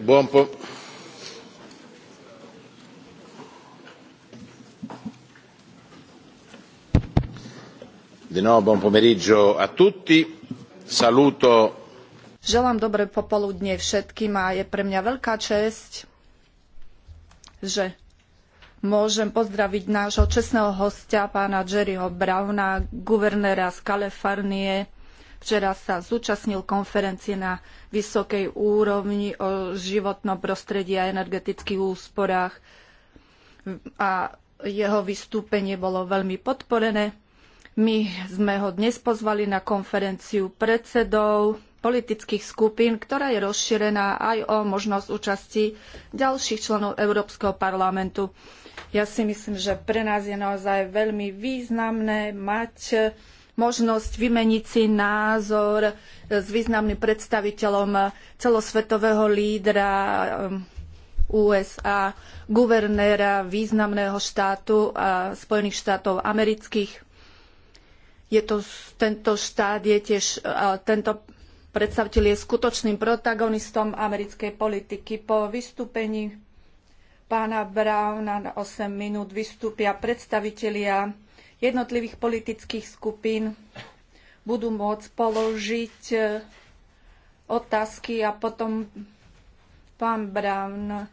Buon po- Di nuovo buon pomeriggio a tutti. Saluto Želám dobre popoludne všetkým a je pre mňa veľká česť, že môžem pozdraviť nášho čestného hostia, pána Jerryho Browna, guvernéra z Kalifornie. Včera sa zúčastnil konferencie na vysokej úrovni o životnom prostredí a energetických úsporách a jeho vystúpenie bolo veľmi podporené. My sme ho dnes pozvali na konferenciu predsedov politických skupín, ktorá je rozšírená aj o možnosť účasti ďalších členov Európskeho parlamentu. Ja si myslím, že pre nás je naozaj veľmi významné mať eh, možnosť vymeniť si názor eh, s významným predstaviteľom eh, celosvetového lídra USA, guvernéra významného štátu a Spojených štátov amerických. Je to, tento štát je tiež, tento predstaviteľ je skutočným protagonistom americkej politiky. Po vystúpení pána Brauna na 8 minút vystúpia predstavitelia jednotlivých politických skupín, budú môcť položiť e, otázky a potom pán Brown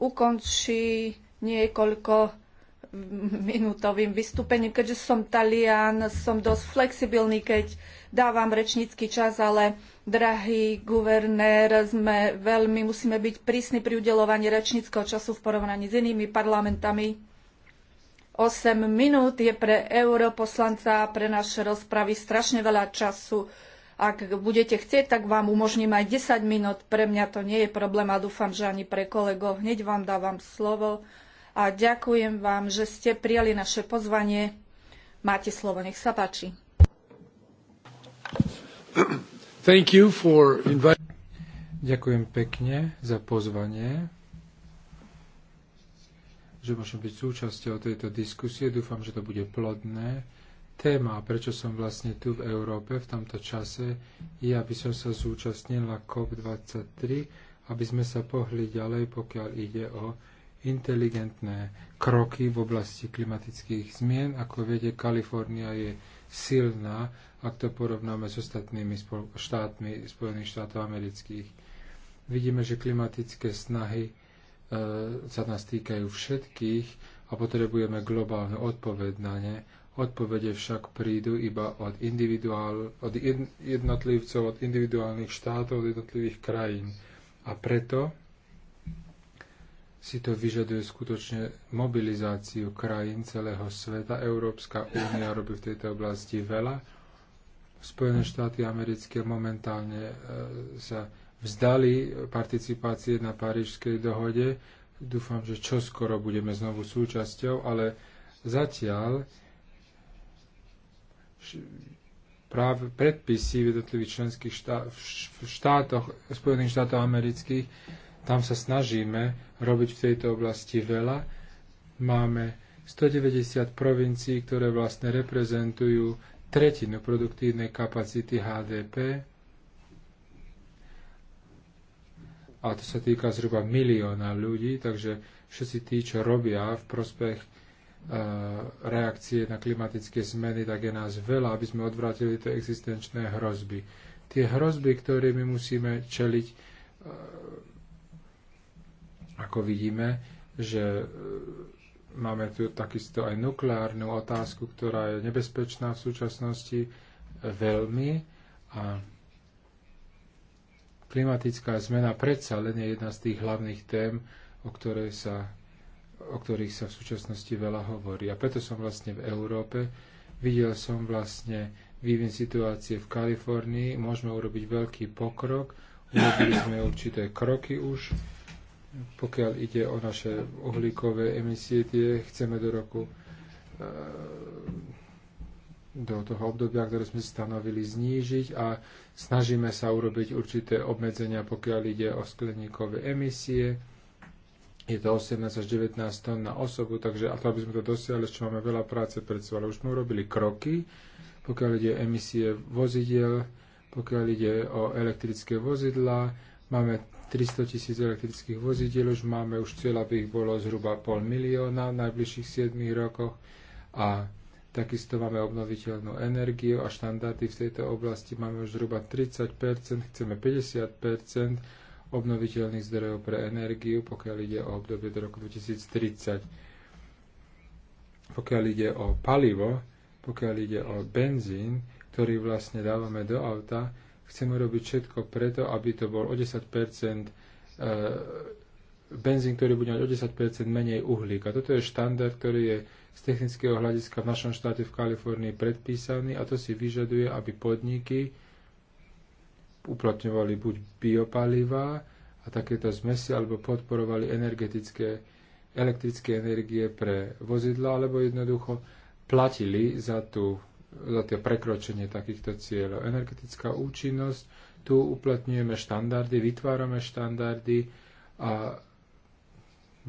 ukončí niekoľko minútovým vystúpením. Keďže som Talian, som dosť flexibilný, keď dávam rečnícky čas, ale drahý guvernér, sme veľmi, musíme byť prísni pri udelovaní rečníckého času v porovnaní s inými parlamentami. 8 minút je pre europoslanca a pre naše rozpravy strašne veľa času. Ak budete chcieť, tak vám umožním aj 10 minút. Pre mňa to nie je problém a dúfam, že ani pre kolegov. Hneď vám dávam slovo a ďakujem vám, že ste prijali naše pozvanie. Máte slovo, nech sa páči. Thank you for Ďakujem pekne za pozvanie, že môžem byť súčasťou tejto diskusie. Dúfam, že to bude plodné. Téma, prečo som vlastne tu v Európe v tomto čase, je, aby som sa zúčastnila COP23, aby sme sa pohli ďalej, pokiaľ ide o inteligentné kroky v oblasti klimatických zmien. Ako viete, Kalifornia je silná, ak to porovnáme s ostatnými štátmi Spojených štátov amerických. Vidíme, že klimatické snahy e, sa nás týkajú všetkých a potrebujeme globálne odpoveď na ne. Odpovede však prídu iba od, individuál, od jednotlivcov, od individuálnych štátov, od jednotlivých krajín. A preto si to vyžaduje skutočne mobilizáciu krajín celého sveta. Európska únia robí v tejto oblasti veľa. Spojené štáty americké momentálne e, sa vzdali participácie na Parížskej dohode. Dúfam, že čoskoro budeme znovu súčasťou, ale zatiaľ práve predpisy v jednotlivých členských štá- v štátoch, Spojených štátov amerických tam sa snažíme robiť v tejto oblasti veľa. Máme 190 provincií, ktoré vlastne reprezentujú tretinu produktívnej kapacity HDP. A to sa týka zhruba milióna ľudí, takže všetci tí, čo robia v prospech e, reakcie na klimatické zmeny, tak je nás veľa, aby sme odvrátili tie existenčné hrozby. Tie hrozby, ktorými musíme čeliť, e, ako vidíme, že e, máme tu takisto aj nukleárnu otázku, ktorá je nebezpečná v súčasnosti e, veľmi a klimatická zmena predsa len je jedna z tých hlavných tém, o, ktorej sa, o ktorých sa v súčasnosti veľa hovorí. A preto som vlastne v Európe, videl som vlastne vývin situácie v Kalifornii, môžeme urobiť veľký pokrok, urobili sme určité kroky už, pokiaľ ide o naše uhlíkové emisie, tie chceme do roku eh, do toho obdobia, ktoré sme stanovili, znížiť a snažíme sa urobiť určité obmedzenia, pokiaľ ide o skleníkové emisie. Je to 18 až 19 tón na osobu, takže a to, aby sme to dosiahli, ešte máme veľa práce pred sebou, ale už sme urobili kroky, pokiaľ ide o emisie vozidiel, pokiaľ ide o elektrické vozidla, máme 300 tisíc elektrických vozidiel, už máme už cieľ, aby ich bolo zhruba pol milióna v najbližších 7 rokoch a Takisto máme obnoviteľnú energiu a štandardy v tejto oblasti máme už zhruba 30 chceme 50 obnoviteľných zdrojov pre energiu, pokiaľ ide o obdobie do roku 2030. Pokiaľ ide o palivo, pokiaľ ide o benzín, ktorý vlastne dávame do auta, Chceme robiť všetko preto, aby to bol o 10 e, benzín, ktorý bude mať o 10 menej uhlíka. Toto je štandard, ktorý je z technického hľadiska v našom štáte v Kalifornii predpísaný a to si vyžaduje, aby podniky uplatňovali buď biopalivá a takéto zmesi, alebo podporovali energetické, elektrické energie pre vozidla, alebo jednoducho platili za tú za tie prekročenie takýchto cieľov. Energetická účinnosť, tu uplatňujeme štandardy, vytvárame štandardy a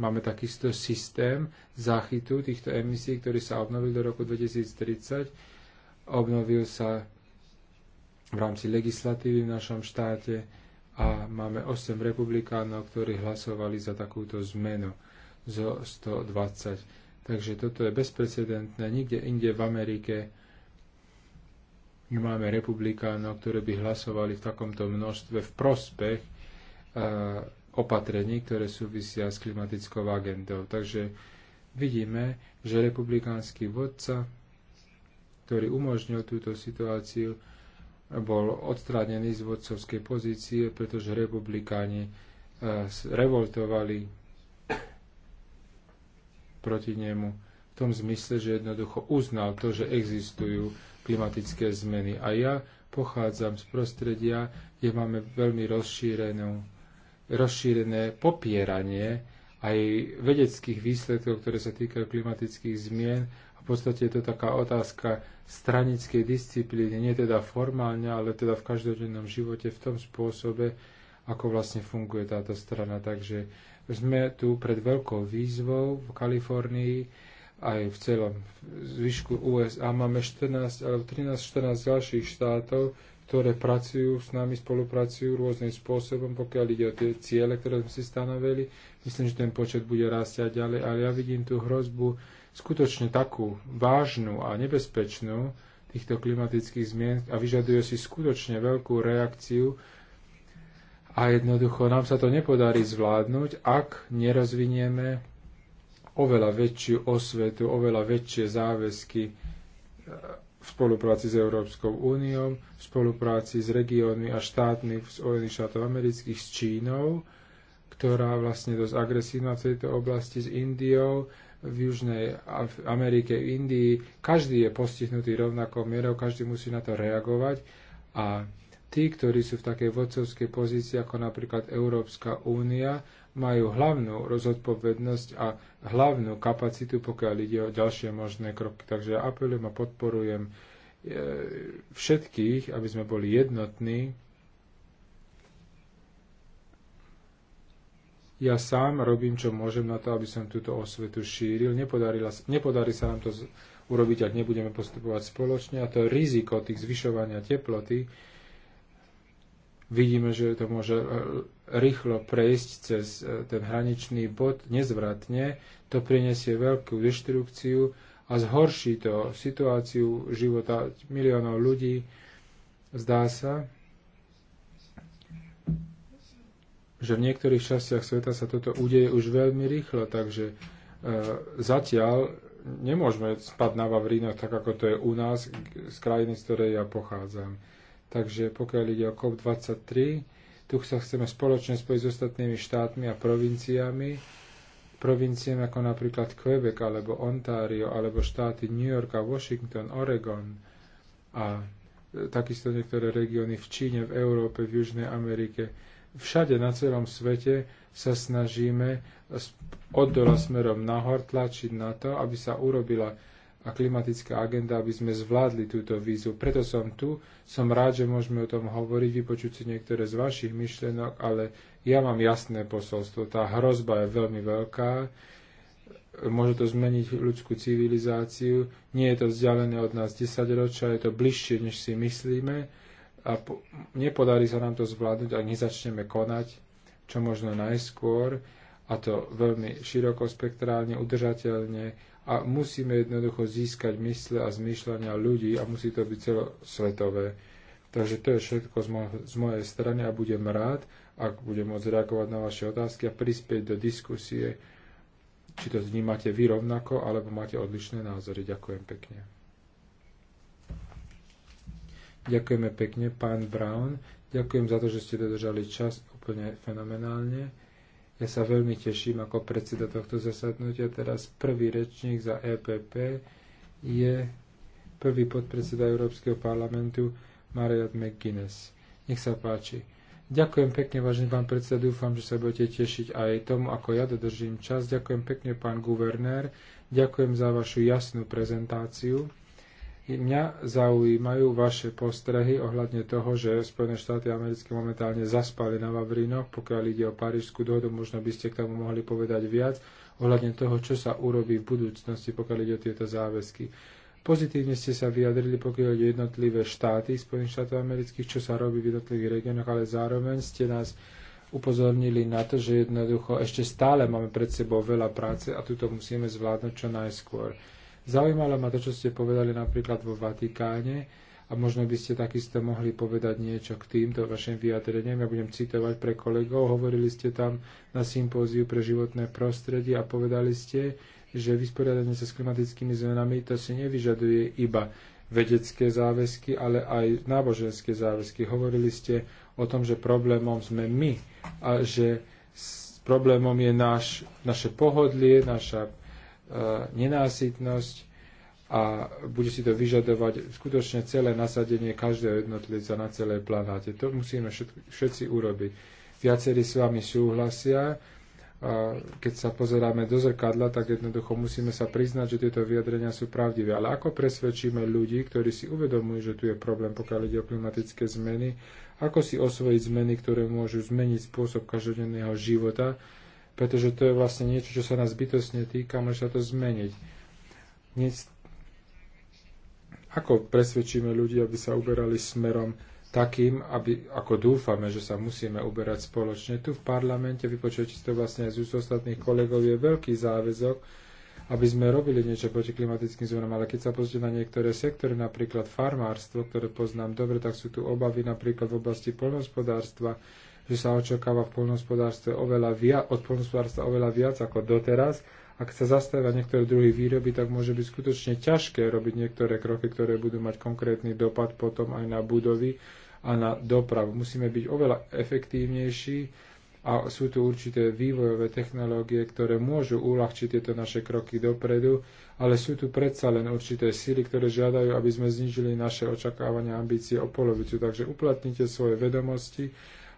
máme takisto systém záchytu týchto emisí, ktorý sa obnovil do roku 2030. Obnovil sa v rámci legislatívy v našom štáte a máme 8 republikánov, ktorí hlasovali za takúto zmenu zo 120. Takže toto je bezprecedentné. Nikde inde v Amerike Máme republikánov, ktoré by hlasovali v takomto množstve v prospech eh, opatrení, ktoré súvisia s klimatickou agendou. Takže vidíme, že republikánsky vodca, ktorý umožnil túto situáciu, bol odstránený z vodcovskej pozície, pretože republikáni eh, revoltovali proti nemu v tom zmysle, že jednoducho uznal to, že existujú klimatické zmeny. A ja pochádzam z prostredia, kde máme veľmi rozšírené popieranie aj vedeckých výsledkov, ktoré sa týkajú klimatických zmien. A v podstate je to taká otázka stranickej disciplíny, nie teda formálne, ale teda v každodennom živote v tom spôsobe, ako vlastne funguje táto strana. Takže sme tu pred veľkou výzvou v Kalifornii aj v celom zvyšku USA. Máme 14 alebo 13-14 ďalších štátov, ktoré pracujú s nami, spolupracujú rôznym spôsobom, pokiaľ ide o tie ciele, ktoré sme si stanovili. Myslím, že ten počet bude rásť aj ďalej, ale ja vidím tú hrozbu skutočne takú vážnu a nebezpečnú týchto klimatických zmien a vyžaduje si skutočne veľkú reakciu a jednoducho nám sa to nepodarí zvládnuť, ak nerozvinieme oveľa väčšiu osvetu, oveľa väčšie záväzky e, v spolupráci s Európskou úniou, v spolupráci s regiónmi a štátmi Spojených štátov amerických, s Čínou, ktorá vlastne dosť agresívna v tejto oblasti, s Indiou, v Južnej Amerike, v Indii. Každý je postihnutý rovnakou mierou, každý musí na to reagovať a Tí, ktorí sú v takej vodcovskej pozícii ako napríklad Európska únia, majú hlavnú rozodpovednosť a hlavnú kapacitu, pokiaľ ide o ďalšie možné kroky. Takže ja apelujem a podporujem e, všetkých, aby sme boli jednotní. Ja sám robím, čo môžem na to, aby som túto osvetu šíril. nepodarí sa nám to urobiť, ak nebudeme postupovať spoločne. A to riziko tých zvyšovania teploty, vidíme, že to môže e, rýchlo prejsť cez e, ten hraničný bod nezvratne, to prinesie veľkú deštrukciu a zhorší to situáciu života miliónov ľudí. Zdá sa, že v niektorých častiach sveta sa toto udeje už veľmi rýchlo, takže e, zatiaľ nemôžeme spať na Vavrínoch tak, ako to je u nás, z krajiny, z ktorej ja pochádzam. E, Takže pokiaľ ide o COP23, tu sa chceme spoločne spojiť s ostatnými štátmi a provinciami, provinciem ako napríklad Quebec alebo Ontario alebo štáty New York a Washington, Oregon a e, takisto niektoré regióny v Číne, v Európe, v Južnej Amerike. Všade na celom svete sa snažíme od dola smerom nahor tlačiť na to, aby sa urobila a klimatická agenda, aby sme zvládli túto vízu. Preto som tu, som rád, že môžeme o tom hovoriť, vypočuť si niektoré z vašich myšlenok, ale ja mám jasné posolstvo. Tá hrozba je veľmi veľká, môže to zmeniť ľudskú civilizáciu, nie je to vzdialené od nás 10 ročia, je to bližšie, než si myslíme a po, nepodarí sa nám to zvládnuť, ak nezačneme konať, čo možno najskôr, a to veľmi širokospektrálne, udržateľne, a musíme jednoducho získať mysle a zmýšľania ľudí a musí to byť celosvetové. Takže to je všetko z, mo- z mojej strany a budem rád, ak budem môcť reagovať na vaše otázky a prispieť do diskusie, či to vnímate vy rovnako, alebo máte odlišné názory. Ďakujem pekne. Ďakujeme pekne, pán Brown. Ďakujem za to, že ste dodržali čas úplne fenomenálne. Ja sa veľmi teším ako predseda tohto zasadnutia. Teraz prvý rečník za EPP je prvý podpredseda Európskeho parlamentu Mariot McGuinness. Nech sa páči. Ďakujem pekne, vážený pán predseda. Dúfam, že sa budete tešiť aj tomu, ako ja dodržím čas. Ďakujem pekne, pán guvernér. Ďakujem za vašu jasnú prezentáciu. Mňa zaujímajú vaše postrehy ohľadne toho, že Spojené štáty americké momentálne zaspali na Vavrinoch, pokiaľ ide o Parížskú dohodu, možno by ste k tomu mohli povedať viac ohľadne toho, čo sa urobí v budúcnosti, pokiaľ ide o tieto záväzky. Pozitívne ste sa vyjadrili, pokiaľ ide jednotlivé štáty Spojených štátov amerických, čo sa robí v jednotlivých regiónoch, ale zároveň ste nás upozornili na to, že jednoducho ešte stále máme pred sebou veľa práce a tuto musíme zvládnuť čo najskôr. Zaujímalo ma to, čo ste povedali napríklad vo Vatikáne a možno by ste takisto mohli povedať niečo k týmto vašim vyjadreniam. Ja budem citovať pre kolegov. Hovorili ste tam na sympóziu pre životné prostredie a povedali ste, že vysporiadanie sa s klimatickými zmenami to si nevyžaduje iba vedecké záväzky, ale aj náboženské záväzky. Hovorili ste o tom, že problémom sme my a že problémom je náš, naše pohodlie, naša E, nenásytnosť a bude si to vyžadovať skutočne celé nasadenie každého jednotlivca na celej planáte. To musíme všetci urobiť. Viacerí s vami súhlasia. A keď sa pozeráme do zrkadla, tak jednoducho musíme sa priznať, že tieto vyjadrenia sú pravdivé. Ale ako presvedčíme ľudí, ktorí si uvedomujú, že tu je problém, pokiaľ ide o klimatické zmeny, ako si osvojiť zmeny, ktoré môžu zmeniť spôsob každodenného života, pretože to je vlastne niečo, čo sa nás bytostne týka, môže sa to zmeniť. Nic... Ako presvedčíme ľudí, aby sa uberali smerom takým, aby, ako dúfame, že sa musíme uberať spoločne. Tu v parlamente, vypočujete to vlastne aj z úst ostatných kolegov, je veľký záväzok, aby sme robili niečo proti klimatickým zmenám, ale keď sa pozrite na niektoré sektory, napríklad farmárstvo, ktoré poznám dobre, tak sú tu obavy napríklad v oblasti poľnohospodárstva, že sa očakáva v polnohospodárstve oveľa viac, od polnospodárstva oveľa viac ako doteraz. Ak sa zastavia niektoré druhy výroby, tak môže byť skutočne ťažké robiť niektoré kroky, ktoré budú mať konkrétny dopad potom aj na budovy a na dopravu. Musíme byť oveľa efektívnejší a sú tu určité vývojové technológie, ktoré môžu uľahčiť tieto naše kroky dopredu, ale sú tu predsa len určité síly, ktoré žiadajú, aby sme znižili naše očakávania a ambície o polovicu. Takže uplatnite svoje vedomosti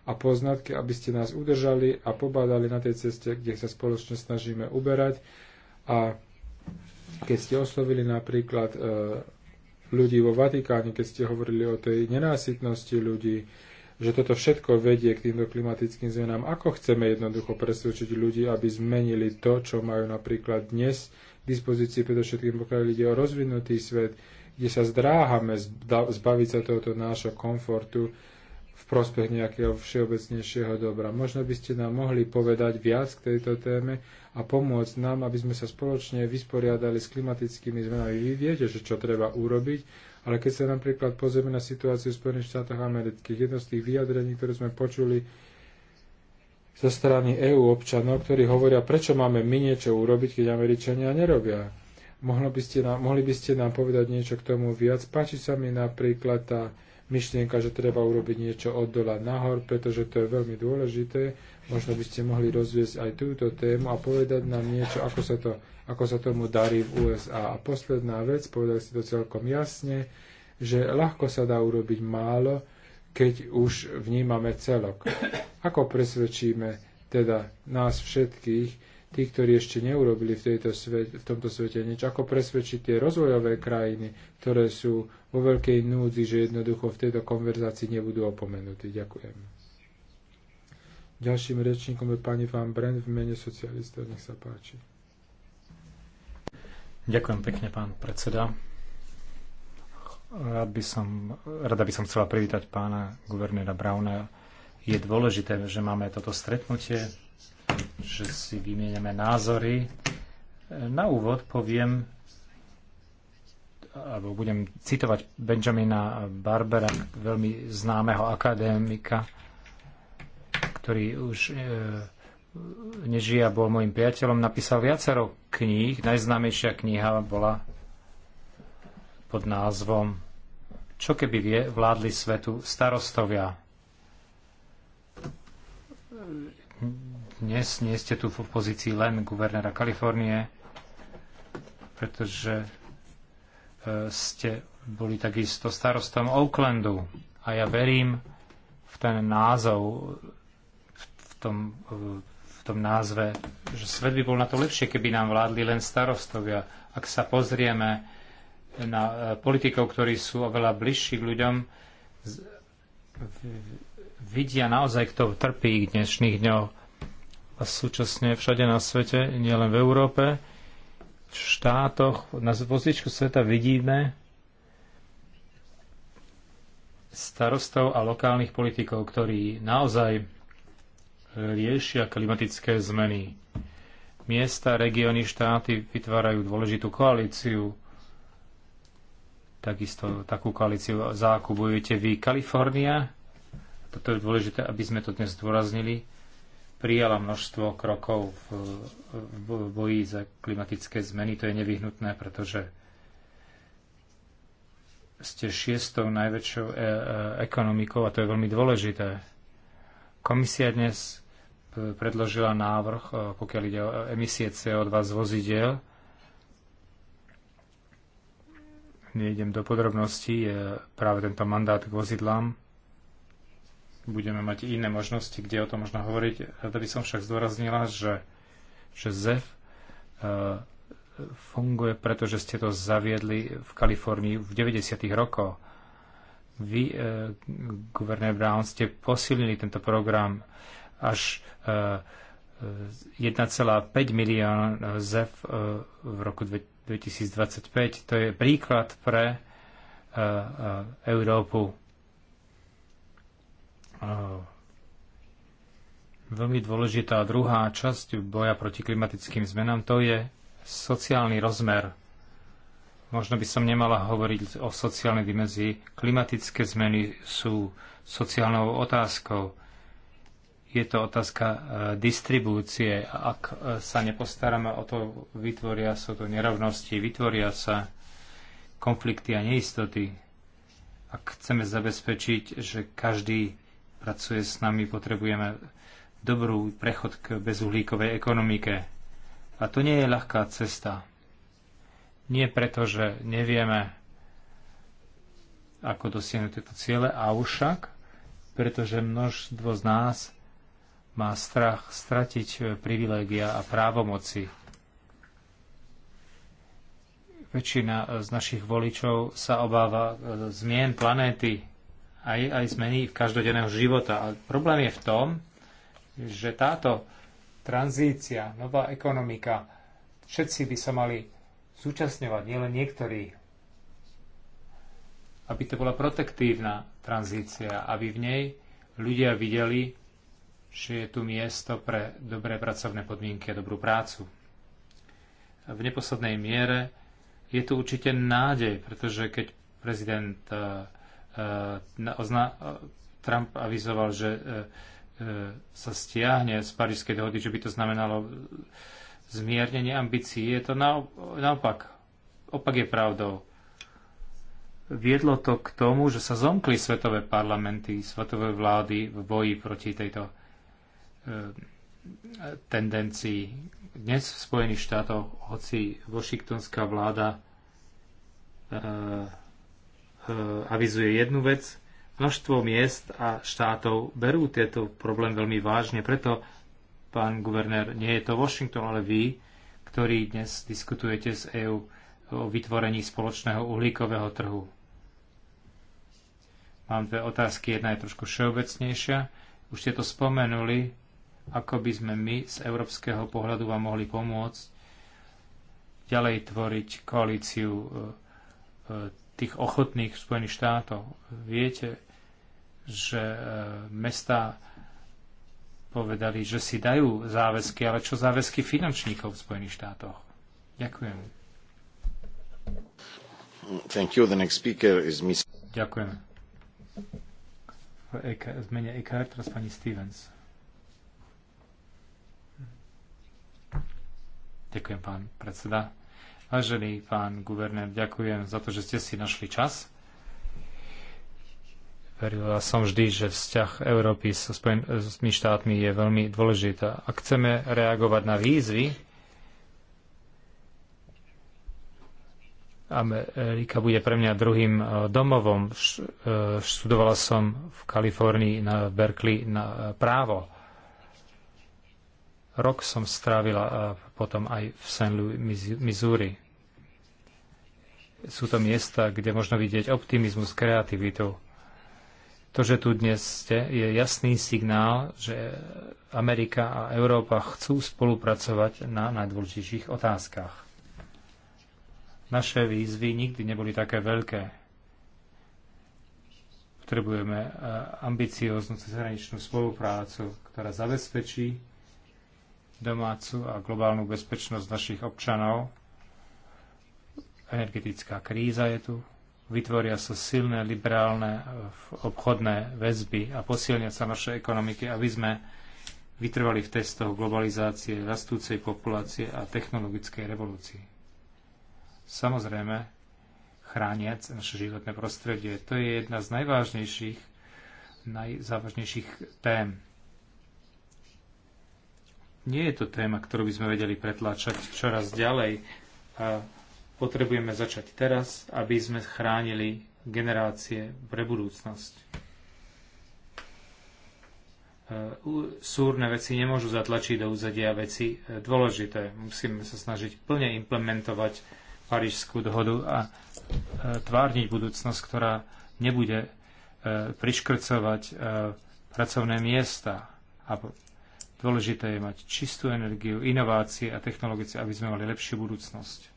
a poznatky, aby ste nás udržali a pobádali na tej ceste, kde sa spoločne snažíme uberať. A keď ste oslovili napríklad e, ľudí vo Vatikáne, keď ste hovorili o tej nenásytnosti ľudí, že toto všetko vedie k týmto klimatickým zmenám. Ako chceme jednoducho presvedčiť ľudí, aby zmenili to, čo majú napríklad dnes k dispozícii, predovšetkým pokiaľ ide o rozvinutý svet, kde sa zdráhame zbaviť sa tohoto nášho komfortu, v prospech nejakého všeobecnejšieho dobra. Možno by ste nám mohli povedať viac k tejto téme a pomôcť nám, aby sme sa spoločne vysporiadali s klimatickými zmenami. Vy viete, že čo treba urobiť, ale keď sa napríklad pozrieme na situáciu v Spojených štátoch amerických, jedno z tých vyjadrení, ktoré sme počuli zo strany EÚ občanov, ktorí hovoria, prečo máme my niečo urobiť, keď Američania nerobia. Mohli by ste nám, mohli by ste nám povedať niečo k tomu viac? Páči sa mi napríklad tá myšlienka, že treba urobiť niečo od dola nahor, pretože to je veľmi dôležité. Možno by ste mohli rozviesť aj túto tému a povedať nám niečo, ako sa, to, ako sa tomu darí v USA. A posledná vec, povedali ste to celkom jasne, že ľahko sa dá urobiť málo, keď už vnímame celok. Ako presvedčíme teda nás všetkých, tí, ktorí ešte neurobili v, tejto svet, v tomto svete nič, ako presvedčiť tie rozvojové krajiny, ktoré sú vo veľkej núdzi, že jednoducho v tejto konverzácii nebudú opomenutí. Ďakujem. Ďalším rečníkom je pani Van Brent v mene socialistov. Nech sa páči. Ďakujem pekne, pán predseda. Rád by som, rada by som chcela privítať pána guvernéra Brauna. Je dôležité, že máme toto stretnutie že si vymieneme názory. Na úvod poviem, alebo budem citovať Benjamina Barbera, veľmi známeho akadémika, ktorý už e, nežije a bol môjim priateľom, napísal viacero kníh. Najznámejšia kniha bola pod názvom Čo keby vládli svetu starostovia dnes nie ste tu v pozícii len guvernéra Kalifornie, pretože e, ste boli takisto starostom Oaklandu. A ja verím v ten názov, v tom, e, v tom názve, že svet by bol na to lepšie, keby nám vládli len starostovia. Ak sa pozrieme na e, politikov, ktorí sú oveľa bližší k ľuďom, vidia naozaj, kto trpí v dnešných dňoch a súčasne všade na svete, nielen v Európe, v štátoch, na vozličku sveta vidíme starostov a lokálnych politikov, ktorí naozaj riešia klimatické zmeny. Miesta, regióny, štáty vytvárajú dôležitú koalíciu. Takisto takú koalíciu zákubujete. vy, Kalifornia. Toto je dôležité, aby sme to dnes zdôraznili prijala množstvo krokov v, boji za klimatické zmeny. To je nevyhnutné, pretože ste šiestou najväčšou e- e- ekonomikou a to je veľmi dôležité. Komisia dnes predložila návrh, e, pokiaľ ide o emisie CO2 z vozidiel. Nejdem do podrobností, je práve tento mandát k vozidlám budeme mať iné možnosti, kde o tom možno hovoriť. Rada by som však zdôraznila, že, že ZEF e, funguje, pretože ste to zaviedli v Kalifornii v 90. rokoch. Vy, e, guvernér Brown, ste posilnili tento program až e, 1,5 e, milión e, ZEF e, v roku 2025. To je príklad pre Európu Veľmi dôležitá druhá časť boja proti klimatickým zmenám to je sociálny rozmer. Možno by som nemala hovoriť o sociálnej dimenzii. Klimatické zmeny sú sociálnou otázkou je to otázka e, distribúcie. Ak e, sa nepostaráme o to, vytvoria sa to nerovnosti, vytvoria sa konflikty a neistoty. Ak chceme zabezpečiť, že každý pracuje s nami, potrebujeme dobrú prechod k bezuhlíkovej ekonomike. A to nie je ľahká cesta. Nie preto, že nevieme, ako dosiahnuť tieto ciele, a však, pretože množstvo z nás má strach stratiť e, privilégia a právomoci. Väčšina e, z našich voličov sa obáva e, zmien planéty, aj, aj zmeny každodenného života. A problém je v tom, že táto tranzícia, nová ekonomika, všetci by sa mali zúčastňovať, nielen niektorí, aby to bola protektívna tranzícia, aby v nej ľudia videli, že je tu miesto pre dobré pracovné podmienky a dobrú prácu. v neposlednej miere je tu určite nádej, pretože keď prezident eh, E, Trump avizoval, že e, e, sa stiahne z Parížskej dohody, že by to znamenalo zmiernenie ambícií. Je to naopak. Opak je pravdou. Viedlo to k tomu, že sa zomkli svetové parlamenty, svetové vlády v boji proti tejto tendencii. Dnes v Spojených štátoch, hoci Washingtonská vláda Eh, avizuje jednu vec, množstvo miest a štátov berú tieto problém veľmi vážne, preto pán guvernér, nie je to Washington, ale vy, ktorí dnes diskutujete s EÚ o vytvorení spoločného uhlíkového trhu. Mám dve otázky, jedna je trošku všeobecnejšia. Už ste to spomenuli, ako by sme my z európskeho pohľadu vám mohli pomôcť ďalej tvoriť koalíciu eh, eh, tých ochotných Spojených štátov. Viete, že e, mesta povedali, že si dajú záväzky, ale čo záväzky finančníkov v Spojených štátoch? Ďakujem. Thank you. The next speaker is Miss... Ďakujem. V, e v mene EKR teraz pani Stevens. Ďakujem, pán predseda. Vážený pán guvernér, ďakujem za to, že ste si našli čas. Verila som vždy, že vzťah Európy so Spojenými štátmi je veľmi dôležitá. Ak chceme reagovať na výzvy, Amerika bude pre mňa druhým e, domovom. E, študovala som v Kalifornii na Berkeley na e, právo. Rok som strávila potom aj v St. Louis, Missouri sú to miesta, kde možno vidieť optimizmus, kreativitu. To, že tu dnes ste, je jasný signál, že Amerika a Európa chcú spolupracovať na najdôležitejších otázkach. Naše výzvy nikdy neboli také veľké. Potrebujeme eh, ambicióznu cezhraničnú spoluprácu, ktorá zabezpečí domácu a globálnu bezpečnosť našich občanov energetická kríza je tu, vytvoria sa silné liberálne e, obchodné väzby a posilnia sa naše ekonomiky, aby sme vytrvali v testoch globalizácie, rastúcej populácie a technologickej revolúcii. Samozrejme, chrániac naše životné prostredie, to je jedna z najvážnejších, najzávažnejších tém. Nie je to téma, ktorú by sme vedeli pretláčať čoraz ďalej. A potrebujeme začať teraz, aby sme chránili generácie pre budúcnosť. E, súrne veci nemôžu zatlačiť do úzadia veci e, dôležité. Musíme sa snažiť plne implementovať Parížskú dohodu a e, tvárniť budúcnosť, ktorá nebude priškrcovať pracovné miesta. A dôležité je mať čistú energiu, inovácie a technológie, aby sme mali lepšiu budúcnosť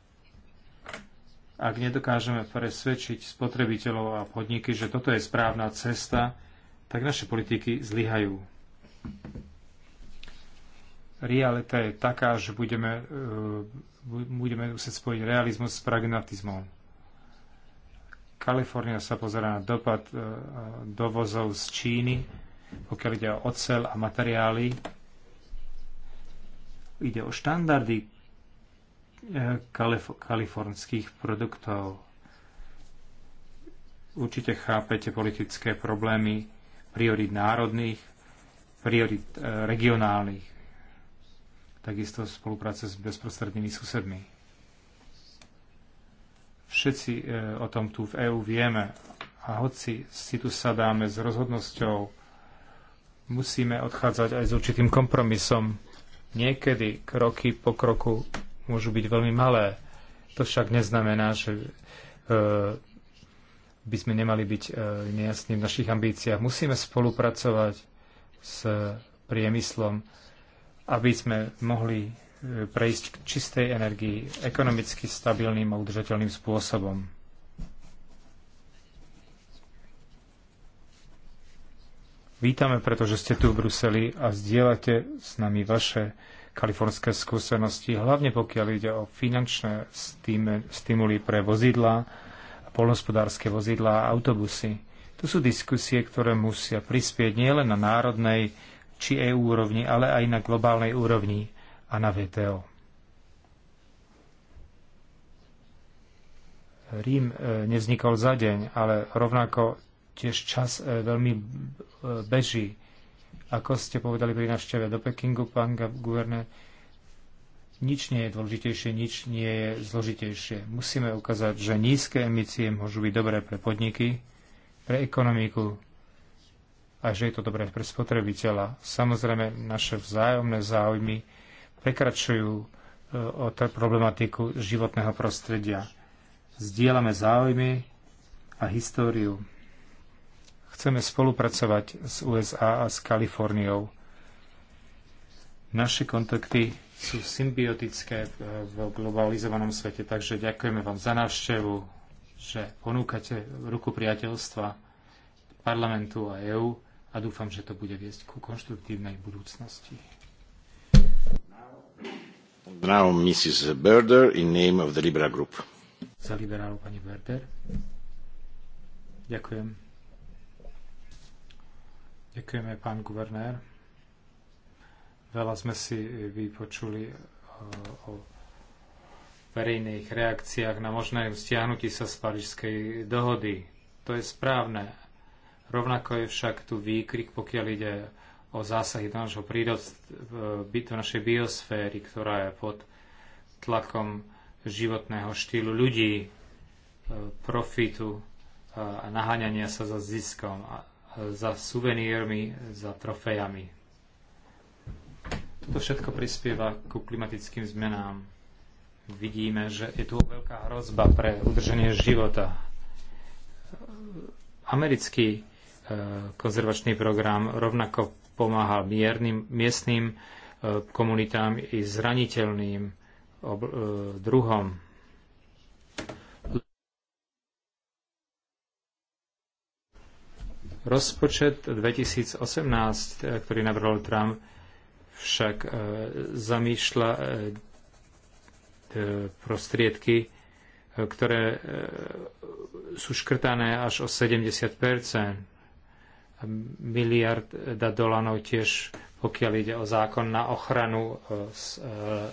ak nedokážeme presvedčiť spotrebiteľov a podniky, že toto je správna cesta, tak naše politiky zlyhajú. Realita je taká, že budeme, e, budeme musieť spojiť realizmus s pragmatizmom. Kalifornia sa pozerá na dopad e, dovozov z Číny, pokiaľ ide o ocel a materiály. Ide o štandardy, kalifornských produktov. Určite chápete politické problémy priorit národných, priorit e, regionálnych, takisto spolupráce s bezprostrednými susedmi. Všetci e, o tom tu v EÚ vieme a hoci si tu sadáme s rozhodnosťou, musíme odchádzať aj s určitým kompromisom. Niekedy kroky po kroku môžu byť veľmi malé. To však neznamená, že e, by sme nemali byť e, nejasní v našich ambíciách. Musíme spolupracovať s priemyslom, aby sme mohli e, prejsť k čistej energii ekonomicky stabilným a udržateľným spôsobom. Vítame, pretože ste tu v Bruseli a zdieľate s nami vaše kalifornské skúsenosti, hlavne pokiaľ ide o finančné stimuly pre vozidla, polnospodárske vozidla a autobusy. Tu sú diskusie, ktoré musia prispieť nielen na národnej či EU úrovni, ale aj na globálnej úrovni a na VTO. Rím e, nevznikol za deň, ale rovnako tiež čas e, veľmi e, beží ako ste povedali pri návšteve do Pekingu, pán guverné, nič nie je dôležitejšie, nič nie je zložitejšie. Musíme ukázať, že nízke emície môžu byť dobré pre podniky, pre ekonomiku a že je to dobré pre spotrebiteľa. Samozrejme, naše vzájomné záujmy prekračujú e, o problematiku životného prostredia. Zdieľame záujmy a históriu Chceme spolupracovať s USA a s Kaliforniou. Naše kontakty sú symbiotické eh, v globalizovanom svete, takže ďakujeme vám za návštevu, že ponúkate ruku priateľstva parlamentu a EÚ a dúfam, že to bude viesť ku konštruktívnej budúcnosti. Now Mrs. Berder in name of the Libra Group. Za liberálu pani Berder. Ďakujem. Ďakujeme, pán guvernér. Veľa sme si vypočuli e, o verejných reakciách na možné stiahnutí sa z Parížskej dohody. To je správne. Rovnako je však tu výkrik, pokiaľ ide o zásahy do, našho prírod, do našej biosféry, ktorá je pod tlakom životného štýlu ľudí, e, profitu a naháňania sa za ziskom. A za suvenírmi, za trofejami. Toto všetko prispieva ku klimatickým zmenám. Vidíme, že je tu veľká hrozba pre udržanie života. Americký e, konzervačný program rovnako pomáha miernym, miestnym e, komunitám i zraniteľným e, druhom Rozpočet 2018, e, ktorý navrhol Trump, však e, zamýšľa e, prostriedky, ktoré sú škrtané až o 70 miliard dolanov tiež, pokiaľ ide o zákon na ochranu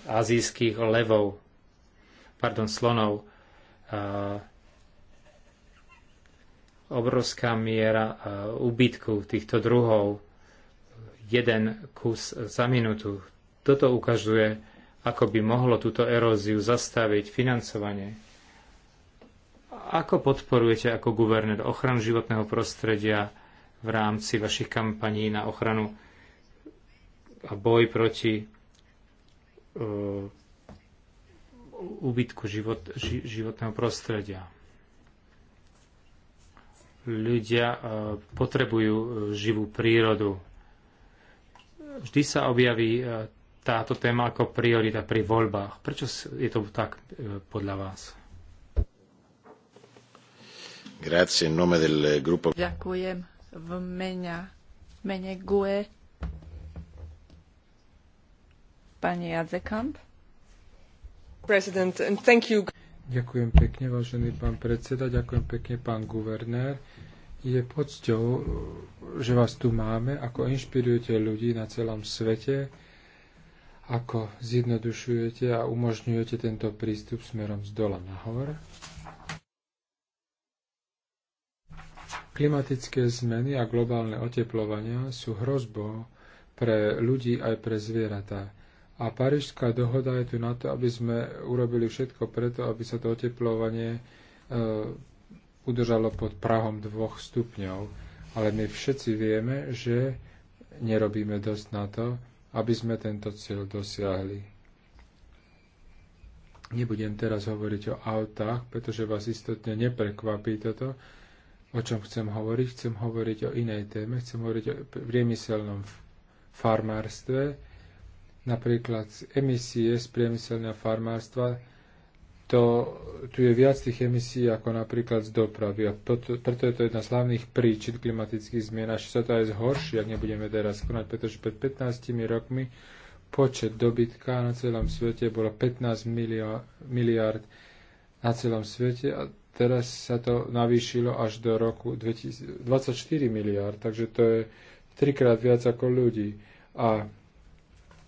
azijských levov, pardon, slonov obrovská miera e, úbytku týchto druhov, jeden kus za minútu. Toto ukazuje, ako by mohlo túto eróziu zastaviť financovanie. Ako podporujete ako guvernér ochranu životného prostredia v rámci vašich kampaní na ochranu a boj proti e, úbytku život, životného prostredia? ľudia e, potrebujú e, živú prírodu. Vždy sa objaví e, táto téma ako priorita pri voľbách. Prečo je to tak podľa vás? Grazie, del gruppo... Ďakujem v mene, mene GUE pani Jadzekamp. President, and thank you. Ďakujem pekne, vážený pán predseda, ďakujem pekne, pán guvernér. Je pocťou, že vás tu máme, ako inšpirujete ľudí na celom svete, ako zjednodušujete a umožňujete tento prístup smerom z dola nahor. Klimatické zmeny a globálne oteplovania sú hrozbou pre ľudí aj pre zvieratá. A Parížská dohoda je tu na to, aby sme urobili všetko preto, aby sa to oteplovanie e, udržalo pod prahom dvoch stupňov. Ale my všetci vieme, že nerobíme dosť na to, aby sme tento cieľ dosiahli. Nebudem teraz hovoriť o autách, pretože vás istotne neprekvapí toto, o čom chcem hovoriť. Chcem hovoriť o inej téme, chcem hovoriť o priemyselnom farmárstve, napríklad emisie z priemyselného farmárstva, to, tu je viac tých emisí ako napríklad z dopravy. A preto, preto je to jedna z hlavných príčin klimatických zmien, až sa to aj zhorší, ak nebudeme teraz konať, pretože pred 15 rokmi počet dobytka na celom svete bolo 15 miliard, miliard na celom svete a teraz sa to navýšilo až do roku 2024 miliard, takže to je trikrát viac ako ľudí. A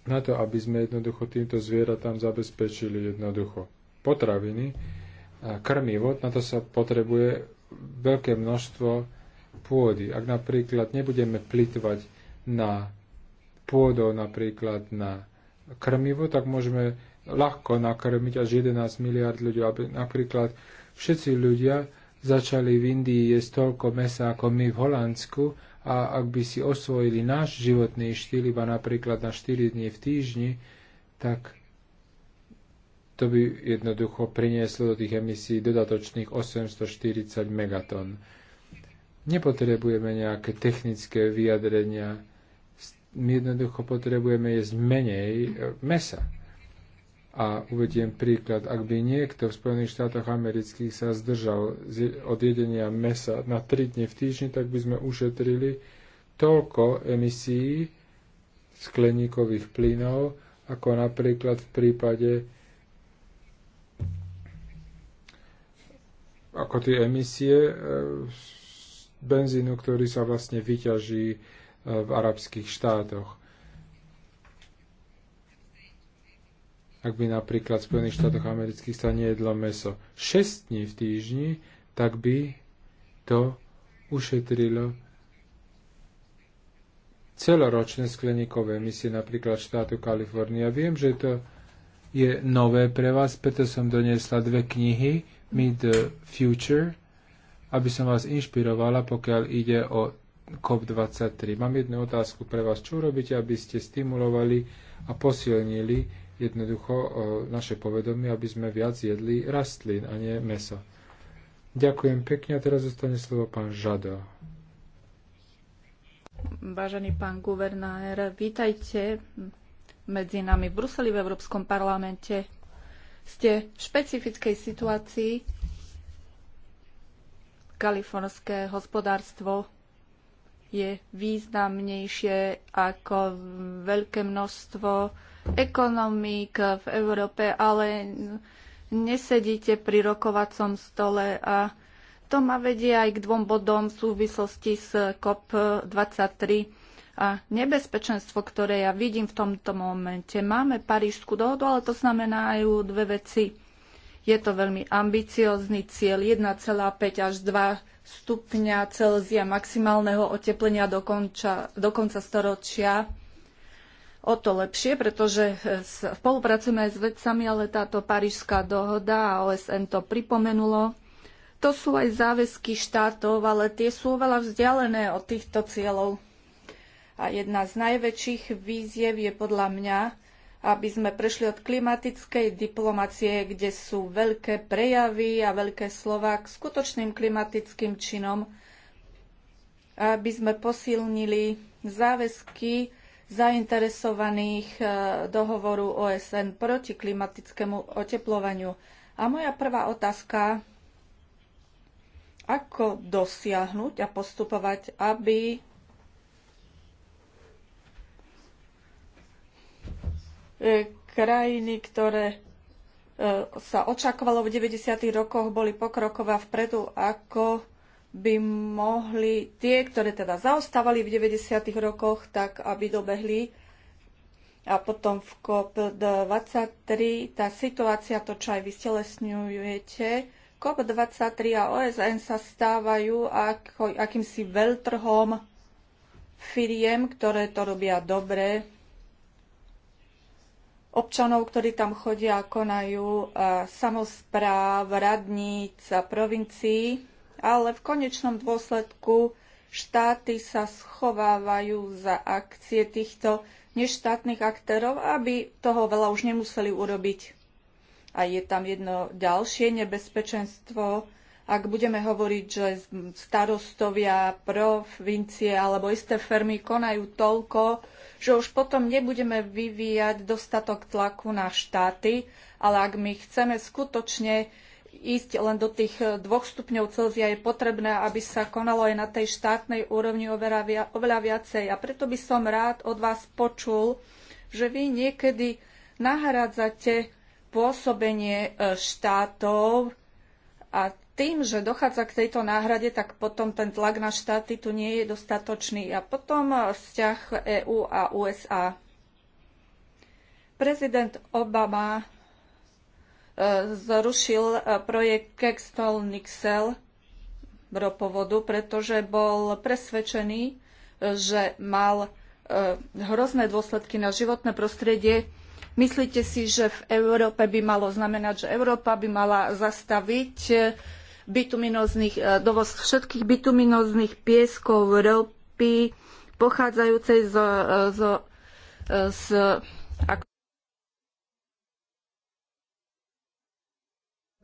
na to, aby sme jednoducho týmto zvieratám zabezpečili jednoducho potraviny, krmivo, na to sa potrebuje veľké množstvo pôdy. Ak napríklad nebudeme plitvať na pôdou napríklad na krmivo, tak môžeme ľahko nakrmiť až 11 miliard ľudí. Aby napríklad všetci ľudia začali v Indii jesť toľko mesa ako my v Holandsku a ak by si osvojili náš životný štýl iba napríklad na 4 dní v týždni, tak to by jednoducho prinieslo do tých emisí dodatočných 840 megatón. Nepotrebujeme nejaké technické vyjadrenia, my jednoducho potrebujeme jesť menej e, mesa. A uvediem príklad, ak by niekto v Spojených štátoch amerických sa zdržal od jedenia mesa na 3 dni v týždni, tak by sme ušetrili toľko emisí skleníkových plynov, ako napríklad v prípade ako tie emisie e, benzínu, ktorý sa vlastne vyťaží e, v arabských štátoch. Ak by napríklad v Spojených štátoch amerických sa nejedlo meso 6 dní v týždni, tak by to ušetrilo celoročné skleníkové emisie napríklad štátu Kalifornia. Viem, že to je nové pre vás, preto som doniesla dve knihy Meet the Future, aby som vás inšpirovala, pokiaľ ide o COP23. Mám jednu otázku pre vás. Čo robíte, aby ste stimulovali a posilnili jednoducho e, naše povedomie, aby sme viac jedli rastlín a nie mesa. Ďakujem pekne a teraz zostane slovo pán Žada. Vážený pán guvernér, vítajte medzi nami v Bruseli v Európskom parlamente. Ste v špecifickej situácii. Kalifornské hospodárstvo je významnejšie ako veľké množstvo ekonomík v Európe, ale nesedíte pri rokovacom stole a to ma vedie aj k dvom bodom v súvislosti s COP23 a nebezpečenstvo, ktoré ja vidím v tomto momente. Máme Parížskú dohodu, ale to znamená aj dve veci. Je to veľmi ambiciózny cieľ 1,5 až 2 stupňa Celzia maximálneho oteplenia do konca, do konca storočia o to lepšie, pretože e, spolupracujeme aj s vedcami, ale táto parížská dohoda a OSN to pripomenulo. To sú aj záväzky štátov, ale tie sú oveľa vzdialené od týchto cieľov. A jedna z najväčších víziev je podľa mňa, aby sme prešli od klimatickej diplomacie, kde sú veľké prejavy a veľké slova k skutočným klimatickým činom, aby sme posilnili záväzky, zainteresovaných e, dohovoru OSN proti klimatickému oteplovaniu. A moja prvá otázka, ako dosiahnuť a postupovať, aby e, krajiny, ktoré e, sa očakávalo v 90. rokoch, boli pokrokové a vpredu, ako by mohli tie, ktoré teda zaostávali v 90. rokoch, tak aby dobehli. A potom v COP23 tá situácia, to čo aj vy stelesňujete, COP23 a OSN sa stávajú ako, akýmsi veľtrhom firiem, ktoré to robia dobre, občanov, ktorí tam chodia a konajú, samozpráv, radníc a provincií ale v konečnom dôsledku štáty sa schovávajú za akcie týchto neštátnych aktérov, aby toho veľa už nemuseli urobiť. A je tam jedno ďalšie nebezpečenstvo, ak budeme hovoriť, že starostovia, provincie alebo isté firmy konajú toľko, že už potom nebudeme vyvíjať dostatok tlaku na štáty, ale ak my chceme skutočne ísť len do tých eh, dvoch stupňov Celzia, je potrebné, aby sa konalo aj na tej štátnej úrovni oveľa, oveľa viacej. A preto by som rád od vás počul, že vy niekedy nahrádzate pôsobenie eh, štátov a tým, že dochádza k tejto náhrade, tak potom ten tlak na štáty tu nie je dostatočný. A potom eh, vzťah EÚ a USA. Prezident Obama zrušil e, projekt Kextol Nixel ropovodu, pretože bol presvedčený, e, že mal e, hrozné dôsledky na životné prostredie. Myslíte si, že v Európe by malo znamenať, že Európa by mala zastaviť bituminóznych, dovoz všetkých bituminóznych pieskov ropy pochádzajúcej z, z, z, z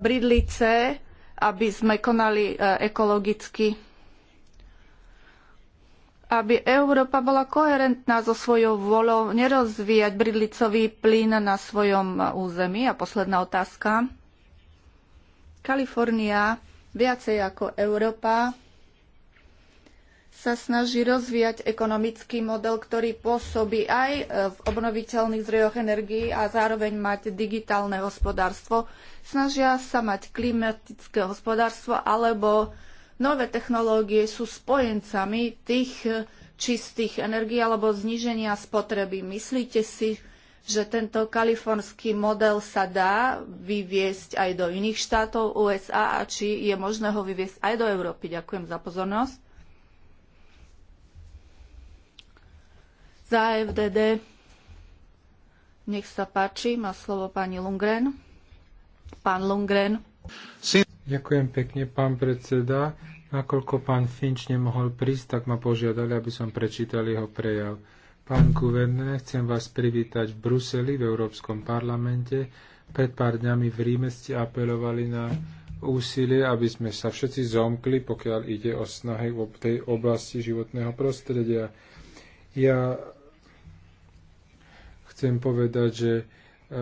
bridlice, aby sme konali e, ekologicky. Aby Európa bola koherentná so svojou volou nerozvíjať bridlicový plyn na svojom e, území. A posledná otázka. Kalifornia viacej ako Európa sa snaží rozvíjať ekonomický model, ktorý pôsobí aj e, v obnoviteľných zdrojoch energií a zároveň mať digitálne hospodárstvo. Snažia sa mať klimatické hospodárstvo alebo nové technológie sú spojencami tých e, čistých energií alebo zníženia spotreby. Myslíte si, že tento kalifornský model sa dá vyviesť aj do iných štátov USA a či je možné ho vyviesť aj do Európy. Ďakujem za pozornosť. Za FDD nech sa páči, má slovo pani Lundgren. Pán Lundgren. Ďakujem pekne, pán predseda. Nakoľko pán Finč nemohol prísť, tak ma požiadali, aby som prečítal jeho prejav. Pán guverné, chcem vás privítať v Bruseli, v Európskom parlamente. Pred pár dňami v Ríme ste apelovali na úsilie, aby sme sa všetci zomkli, pokiaľ ide o snahy v tej oblasti životného prostredia. Ja chcem povedať, že e,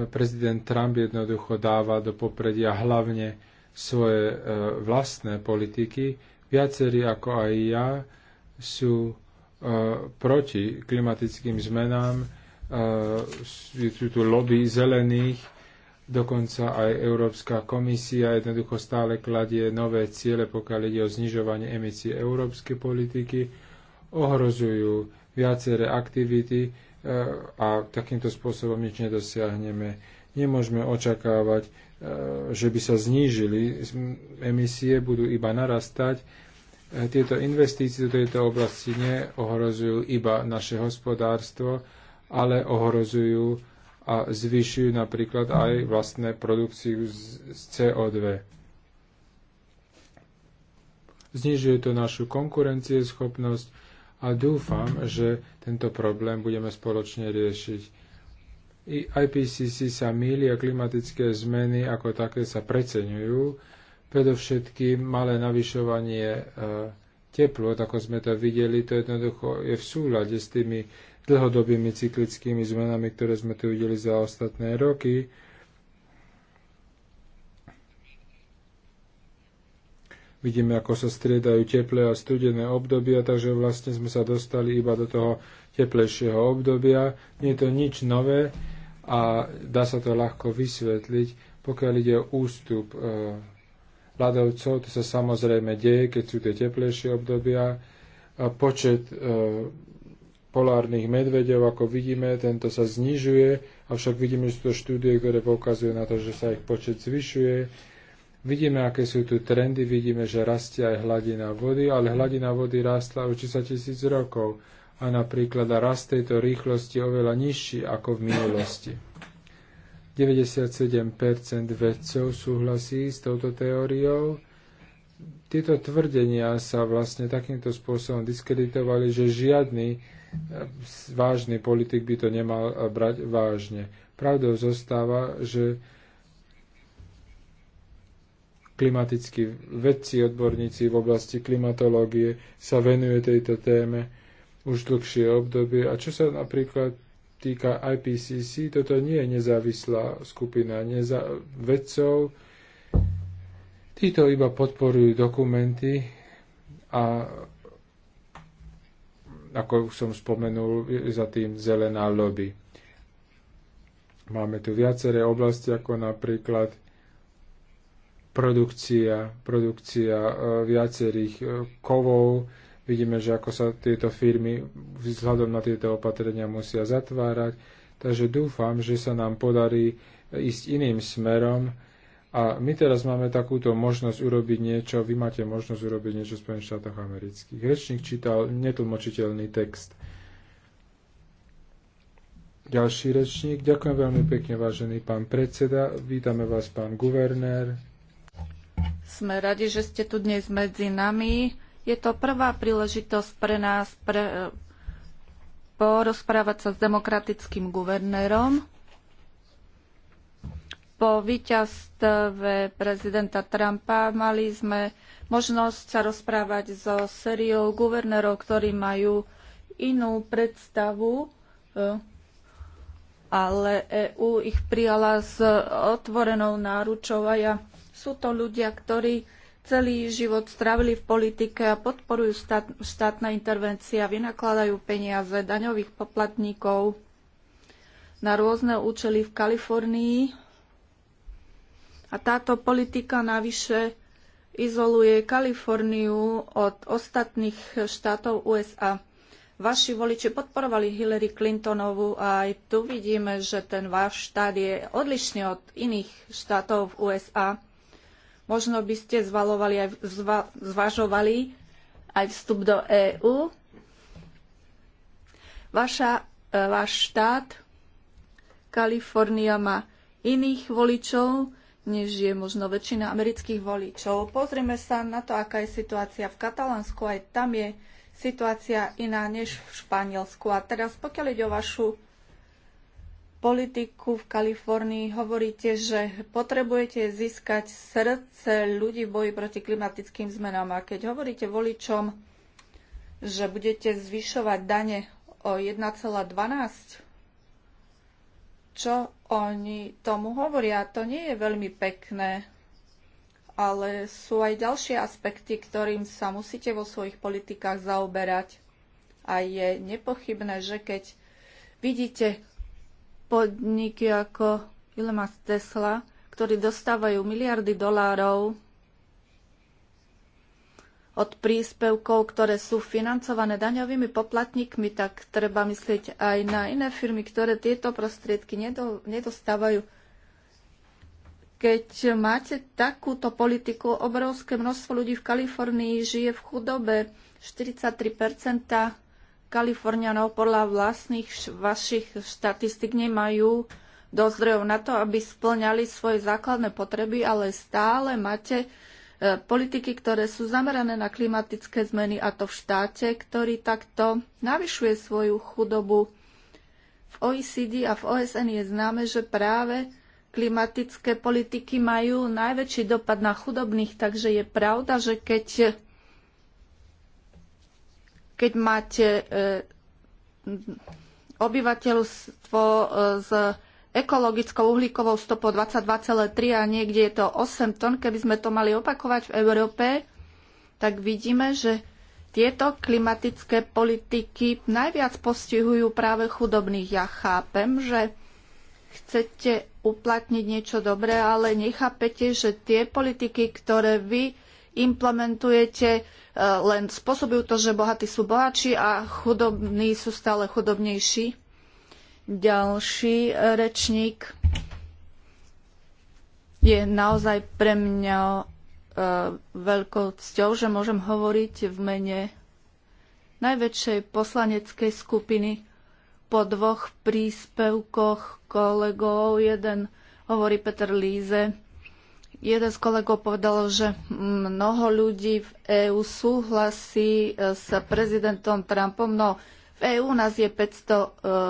prezident Trump jednoducho dáva do popredia hlavne svoje e, vlastné politiky. Viacerí ako aj ja sú e, proti klimatickým zmenám. tu, tu lobby zelených, dokonca aj Európska komisia jednoducho stále kladie nové ciele, pokiaľ ide o znižovanie emisí európskej politiky, ohrozujú viaceré aktivity, a takýmto spôsobom nič nedosiahneme. Nemôžeme očakávať, e, že by sa znížili. Emisie budú iba narastať. E, tieto investície do tejto oblasti neohrozujú iba naše hospodárstvo, ale ohrozujú a zvyšujú napríklad aj vlastné produkciu z CO2. Znižuje to našu konkurencieschopnosť, a dúfam, že tento problém budeme spoločne riešiť. I IPCC sa míli a klimatické zmeny ako také sa preceňujú, predovšetkým malé navyšovanie e, teplot, ako sme to videli, to jednoducho je v súlade s tými dlhodobými cyklickými zmenami, ktoré sme tu videli za ostatné roky Vidíme, ako sa striedajú teplé a studené obdobia, takže vlastne sme sa dostali iba do toho teplejšieho obdobia. Nie je to nič nové a dá sa to ľahko vysvetliť. Pokiaľ ide o ústup e, ľadovcov, to sa samozrejme deje, keď sú tie teplejšie obdobia. A počet e, polárnych medveďov, ako vidíme, tento sa znižuje, avšak vidíme, že sú to štúdie, ktoré poukazujú na to, že sa ich počet zvyšuje Vidíme, aké sú tu trendy, vidíme, že rastie aj hladina vody, ale hladina vody rastla už 10 tisíc rokov a napríklad rast tejto rýchlosti je oveľa nižší ako v minulosti. 97% vedcov súhlasí s touto teóriou. Tieto tvrdenia sa vlastne takýmto spôsobom diskreditovali, že žiadny eh, vážny politik by to nemal brať vážne. Pravdou zostáva, že klimatickí vedci, odborníci v oblasti klimatológie sa venuje tejto téme už dlhšie obdobie. A čo sa napríklad týka IPCC, toto nie je nezávislá skupina neza- vedcov. Títo iba podporujú dokumenty a ako už som spomenul, je za tým zelená lobby. Máme tu viaceré oblasti, ako napríklad produkcia, produkcia e, viacerých e, kovov. Vidíme, že ako sa tieto firmy vzhľadom na tieto opatrenia musia zatvárať. Takže dúfam, že sa nám podarí ísť iným smerom. A my teraz máme takúto možnosť urobiť niečo, vy máte možnosť urobiť niečo v Spojených štátoch amerických. Rečník čítal netlmočiteľný text. Ďalší rečník. Ďakujem veľmi pekne, vážený pán predseda. Vítame vás, pán guvernér. Sme radi, že ste tu dnes medzi nami. Je to prvá príležitosť pre nás pre, porozprávať sa s demokratickým guvernérom. Po víťazstve prezidenta Trumpa mali sme možnosť sa rozprávať so sériou guvernérov, ktorí majú inú predstavu, e, ale EÚ ich prijala s otvorenou náručou a ja sú to ľudia, ktorí celý život strávili v politike a podporujú štát, štátna intervencia, vynakladajú peniaze daňových poplatníkov na rôzne účely v Kalifornii. A táto politika navyše izoluje Kaliforniu od ostatných štátov USA. Vaši voliči podporovali Hillary Clintonovu a aj tu vidíme, že ten váš štát je odlišný od iných štátov v USA. Možno by ste zvalovali aj, zva, zvažovali aj vstup do EÚ. Vaša, e, váš štát, Kalifornia, má iných voličov, než je možno väčšina amerických voličov. Pozrime sa na to, aká je situácia v Katalánsku. Aj tam je situácia iná než v Španielsku. A teraz, pokiaľ ide o vašu politiku v Kalifornii hovoríte, že potrebujete získať srdce ľudí v boji proti klimatickým zmenám. A keď hovoríte voličom, že budete zvyšovať dane o 1,12, čo oni tomu hovoria, to nie je veľmi pekné. Ale sú aj ďalšie aspekty, ktorým sa musíte vo svojich politikách zaoberať. A je nepochybné, že keď vidíte podniky ako Elon Tesla, ktorí dostávajú miliardy dolárov od príspevkov, ktoré sú financované daňovými poplatníkmi, tak treba myslieť aj na iné firmy, ktoré tieto prostriedky nedostávajú. Keď máte takúto politiku, obrovské množstvo ľudí v Kalifornii žije v chudobe. 43 Kalifornianov podľa vlastných vašich štatistik nemajú dosť zdrojov na to, aby splňali svoje základné potreby, ale stále máte e, politiky, ktoré sú zamerané na klimatické zmeny a to v štáte, ktorý takto navyšuje svoju chudobu. V OECD a v OSN je známe, že práve klimatické politiky majú najväčší dopad na chudobných, takže je pravda, že keď keď máte e, obyvateľstvo e, s ekologickou uhlíkovou stopou 22,3 a niekde je to 8 tón, keby sme to mali opakovať v Európe, tak vidíme, že tieto klimatické politiky najviac postihujú práve chudobných. Ja chápem, že chcete uplatniť niečo dobré, ale nechápete, že tie politiky, ktoré vy implementujete, e, len spôsobujú to, že bohatí sú bohatší a chudobní sú stále chudobnejší. Ďalší e, rečník je naozaj pre mňa e, veľkou cťou, že môžem hovoriť v mene najväčšej poslaneckej skupiny po dvoch príspevkoch kolegov. Jeden hovorí Peter Líze, Jeden z kolegov povedal, že mnoho ľudí v EÚ súhlasí e, s prezidentom Trumpom. No, v EÚ nás je 500 e,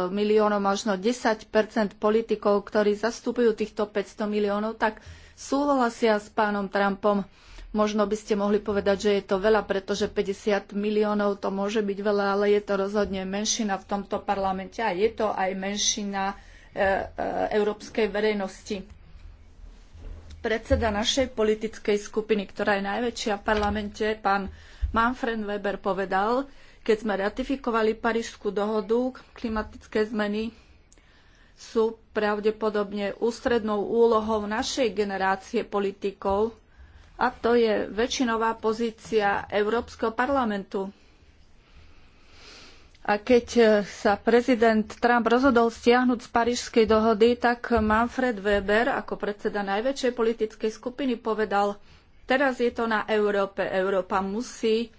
miliónov, možno 10 politikov, ktorí zastupujú týchto 500 miliónov, tak súhlasia s pánom Trumpom. Možno by ste mohli povedať, že je to veľa, pretože 50 miliónov to môže byť veľa, ale je to rozhodne menšina v tomto parlamente a je to aj menšina e, európskej verejnosti. Predseda našej politickej skupiny, ktorá je najväčšia v parlamente, pán Manfred Weber povedal, keď sme ratifikovali Parížskú dohodu, klimatické zmeny sú pravdepodobne ústrednou úlohou našej generácie politikov a to je väčšinová pozícia Európskeho parlamentu. A keď e, sa prezident Trump rozhodol stiahnuť z Parížskej dohody, tak Manfred Weber ako predseda najväčšej politickej skupiny povedal, teraz je to na Európe. Európa musí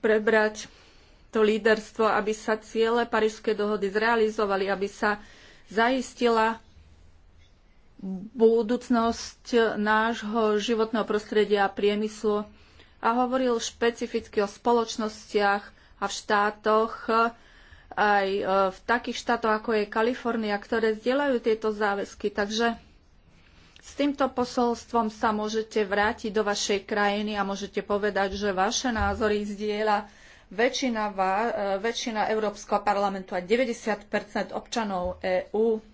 prebrať to líderstvo, aby sa ciele Parížskej dohody zrealizovali, aby sa zaistila budúcnosť nášho životného prostredia a priemyslu. A hovoril špecificky o spoločnostiach, a v štátoch, aj e, v takých štátoch, ako je Kalifornia, ktoré zdieľajú tieto záväzky. Takže s týmto posolstvom sa môžete vrátiť do vašej krajiny a môžete povedať, že vaše názory zdieľa väčšina, e, väčšina Európskeho parlamentu a 90 občanov EÚ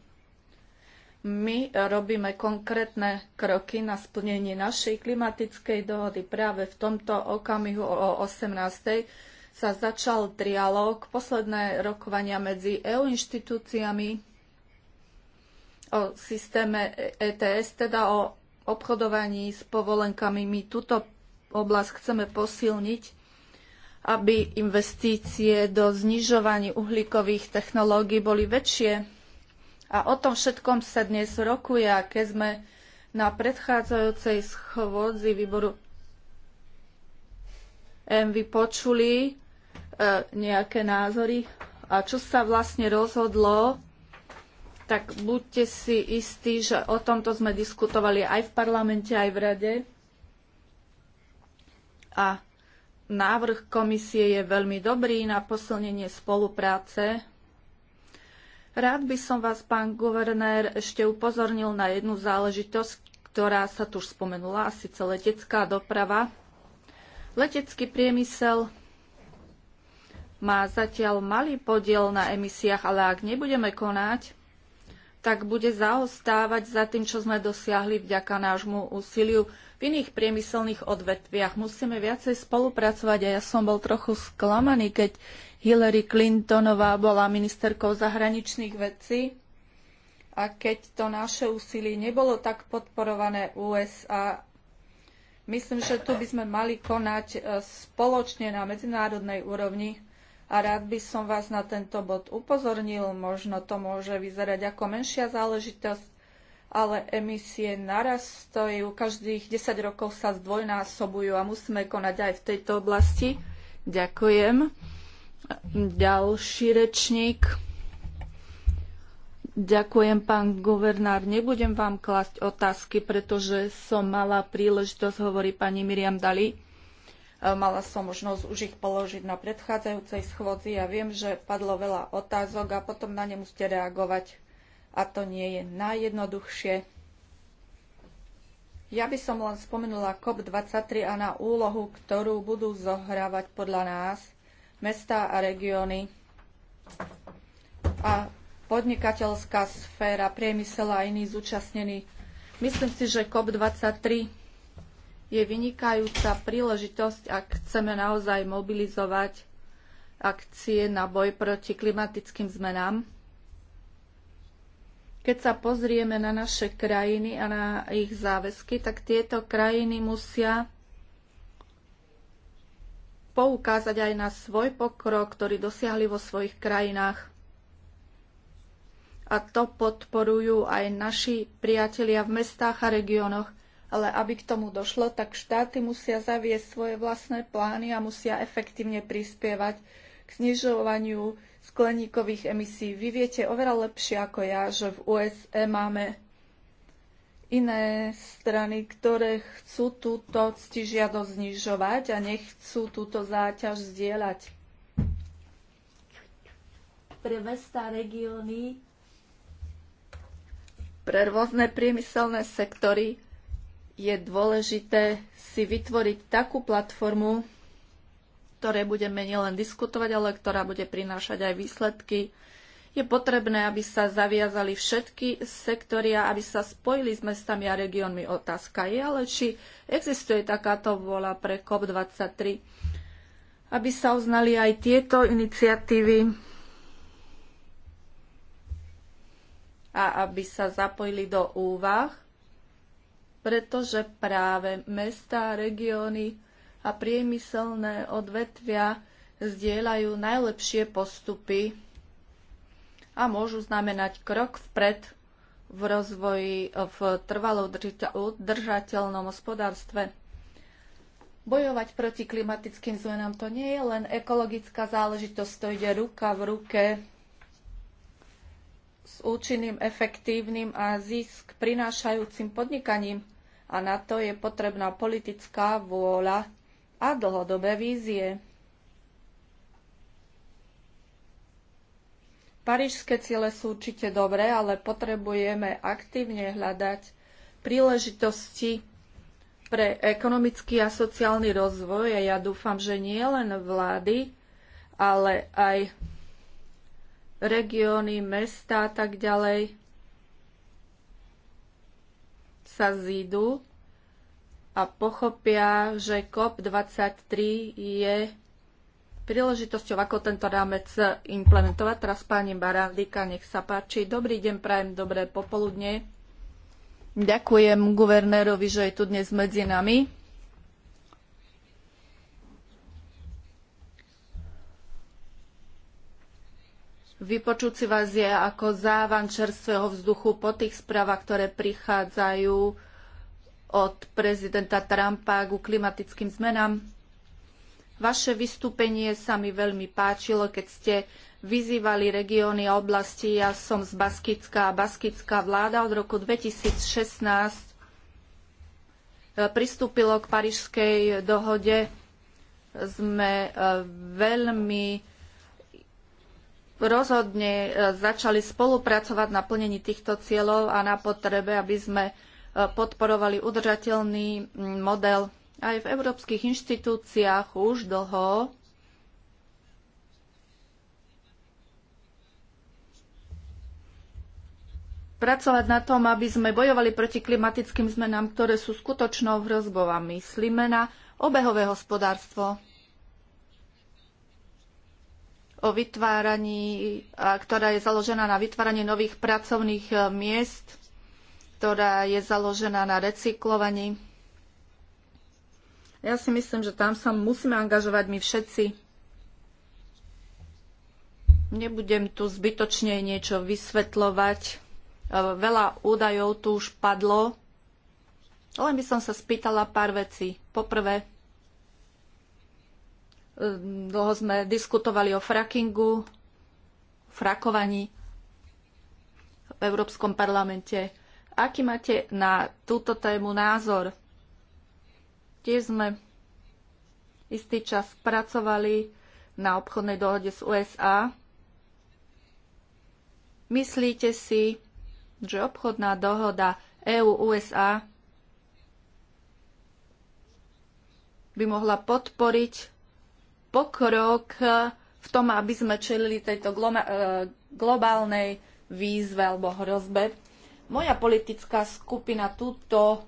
my robíme konkrétne kroky na splnenie našej klimatickej dohody práve v tomto okamihu o 18 sa začal trialóg, posledné rokovania medzi EU inštitúciami o systéme ETS, teda o obchodovaní s povolenkami. My túto oblasť chceme posilniť, aby investície do znižovaní uhlíkových technológií boli väčšie. A o tom všetkom sa dnes rokuje, a keď sme na predchádzajúcej schôdzi výboru EMV počuli, E, nejaké názory. A čo sa vlastne rozhodlo, tak buďte si istí, že o tomto sme diskutovali aj v parlamente, aj v rade. A návrh komisie je veľmi dobrý na posilnenie spolupráce. Rád by som vás, pán guvernér, ešte upozornil na jednu záležitosť, ktorá sa tu už spomenula, a síce letecká doprava. Letecký priemysel má zatiaľ malý podiel na emisiách, ale ak nebudeme konať, tak bude zaostávať za tým, čo sme dosiahli vďaka nášmu úsiliu. V iných priemyselných odvetviach musíme viacej spolupracovať a ja som bol trochu sklamaný, keď Hillary Clintonová bola ministerkou zahraničných vecí a keď to naše úsilie nebolo tak podporované USA, myslím, že tu by sme mali konať e, spoločne na medzinárodnej úrovni a rád by som vás na tento bod upozornil. Možno to môže vyzerať ako menšia záležitosť, ale emisie narastajú. Každých 10 rokov sa zdvojnásobujú a musíme konať aj v tejto oblasti. Ďakujem. Ďalší rečník. Ďakujem, pán guvernár. Nebudem vám klásť otázky, pretože som mala príležitosť, hovorí pani Miriam Dali, E, mala som možnosť už ich položiť na predchádzajúcej schôdzi a ja viem, že padlo veľa otázok a potom na ne musíte reagovať. A to nie je najjednoduchšie. Ja by som len spomenula COP23 a na úlohu, ktorú budú zohrávať podľa nás mestá a regióny a podnikateľská sféra, priemysel a iní zúčastnení. Myslím si, že COP23 je vynikajúca príležitosť, ak chceme naozaj mobilizovať akcie na boj proti klimatickým zmenám. Keď sa pozrieme na naše krajiny a na ich záväzky, tak tieto krajiny musia poukázať aj na svoj pokrok, ktorý dosiahli vo svojich krajinách. A to podporujú aj naši priatelia v mestách a regiónoch ale aby k tomu došlo, tak štáty musia zaviesť svoje vlastné plány a musia efektívne prispievať k znižovaniu skleníkových emisí. Vy viete oveľa lepšie ako ja, že v USA e máme iné strany, ktoré chcú túto ctižiado znižovať a nechcú túto záťaž zdieľať. Pre mesta, regióny, pre rôzne priemyselné sektory je dôležité si vytvoriť takú platformu, ktoré budeme nielen diskutovať, ale ktorá bude prinášať aj výsledky. Je potrebné, aby sa zaviazali všetky sektory a aby sa spojili s mestami a regiónmi. Otázka je ale, či existuje takáto vôľa pre COP23, aby sa uznali aj tieto iniciatívy a aby sa zapojili do úvah pretože práve mesta, regióny a priemyselné odvetvia zdieľajú najlepšie postupy a môžu znamenať krok vpred v rozvoji v trvalo udržateľnom hospodárstve. Bojovať proti klimatickým zmenám to nie je len ekologická záležitosť, to ide ruka v ruke s účinným, efektívnym a zisk prinášajúcim podnikaním a na to je potrebná politická vôľa a dlhodobé vízie. Parížské ciele sú určite dobré, ale potrebujeme aktívne hľadať príležitosti pre ekonomický a sociálny rozvoj a ja dúfam, že nie len vlády, ale aj regióny, mesta a tak ďalej sa zídu a pochopia, že COP23 je príležitosťou, ako tento rámec implementovať. Teraz páni Barandika, nech sa páči. Dobrý deň, prajem dobré popoludne. Ďakujem guvernérovi, že je tu dnes medzi nami. Vypočuť si vás je ako závan čerstvého vzduchu po tých správach, ktoré prichádzajú od prezidenta Trumpa ku klimatickým zmenám. Vaše vystúpenie sa mi veľmi páčilo, keď ste vyzývali regióny a oblasti. Ja som z Baskická a Baskická vláda od roku 2016 e, pristúpilo k Parížskej dohode. Sme e, veľmi rozhodne e, začali spolupracovať na plnení týchto cieľov a na potrebe, aby sme e, podporovali udržateľný model aj v európskych inštitúciách už dlho. Pracovať na tom, aby sme bojovali proti klimatickým zmenám, ktoré sú skutočnou hrozbou a myslíme na obehové hospodárstvo o vytváraní, ktorá je založená na vytváraní nových pracovných e, miest, ktorá je založená na recyklovaní. Ja si myslím, že tam sa musíme angažovať my všetci. Nebudem tu zbytočne niečo vysvetľovať. E, veľa údajov tu už padlo. Len by som sa spýtala pár vecí. Poprvé, Ehm, dlho sme diskutovali o frackingu, frakovaní v Európskom parlamente. Aký máte na túto tému názor? Tiež sme istý čas pracovali na obchodnej dohode s USA. Myslíte si, že obchodná dohoda EU-USA by mohla podporiť pokrok v tom, aby sme čelili tejto e, globálnej výzve alebo hrozbe. Moja politická skupina túto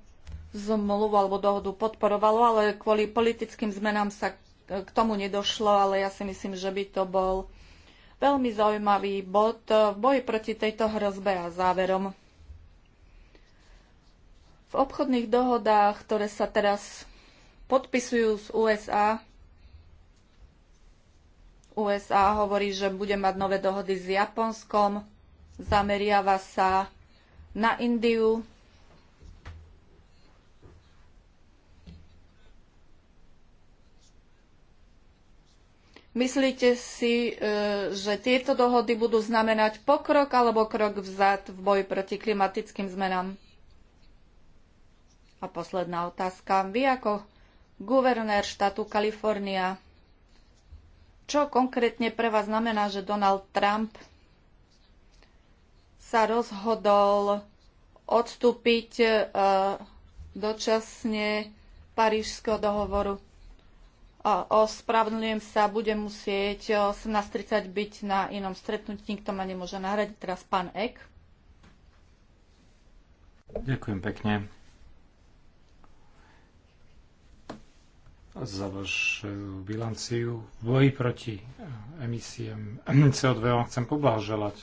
zmluvu alebo dohodu podporovalo, ale kvôli politickým zmenám sa k tomu nedošlo, ale ja si myslím, že by to bol veľmi zaujímavý bod v boji proti tejto hrozbe a záverom. V obchodných dohodách, ktoré sa teraz podpisujú z USA, USA hovorí, že bude mať nové dohody s Japonskom, zameriava sa na Indiu. Myslíte si, e, že tieto dohody budú znamenať pokrok alebo krok vzad v boji proti klimatickým zmenám? A posledná otázka. Vy ako guvernér štátu Kalifornia čo konkrétne pre vás znamená, že Donald Trump sa rozhodol odstúpiť e, dočasne Parížského dohovoru? Ospravedlňujem sa, budem musieť 18.30 byť na inom stretnutí, nikto ma nemôže nahradiť, teraz pán Ek. Ďakujem pekne. za vašu bilanciu v boji proti emisiem CO2 vám chcem poblahoželať.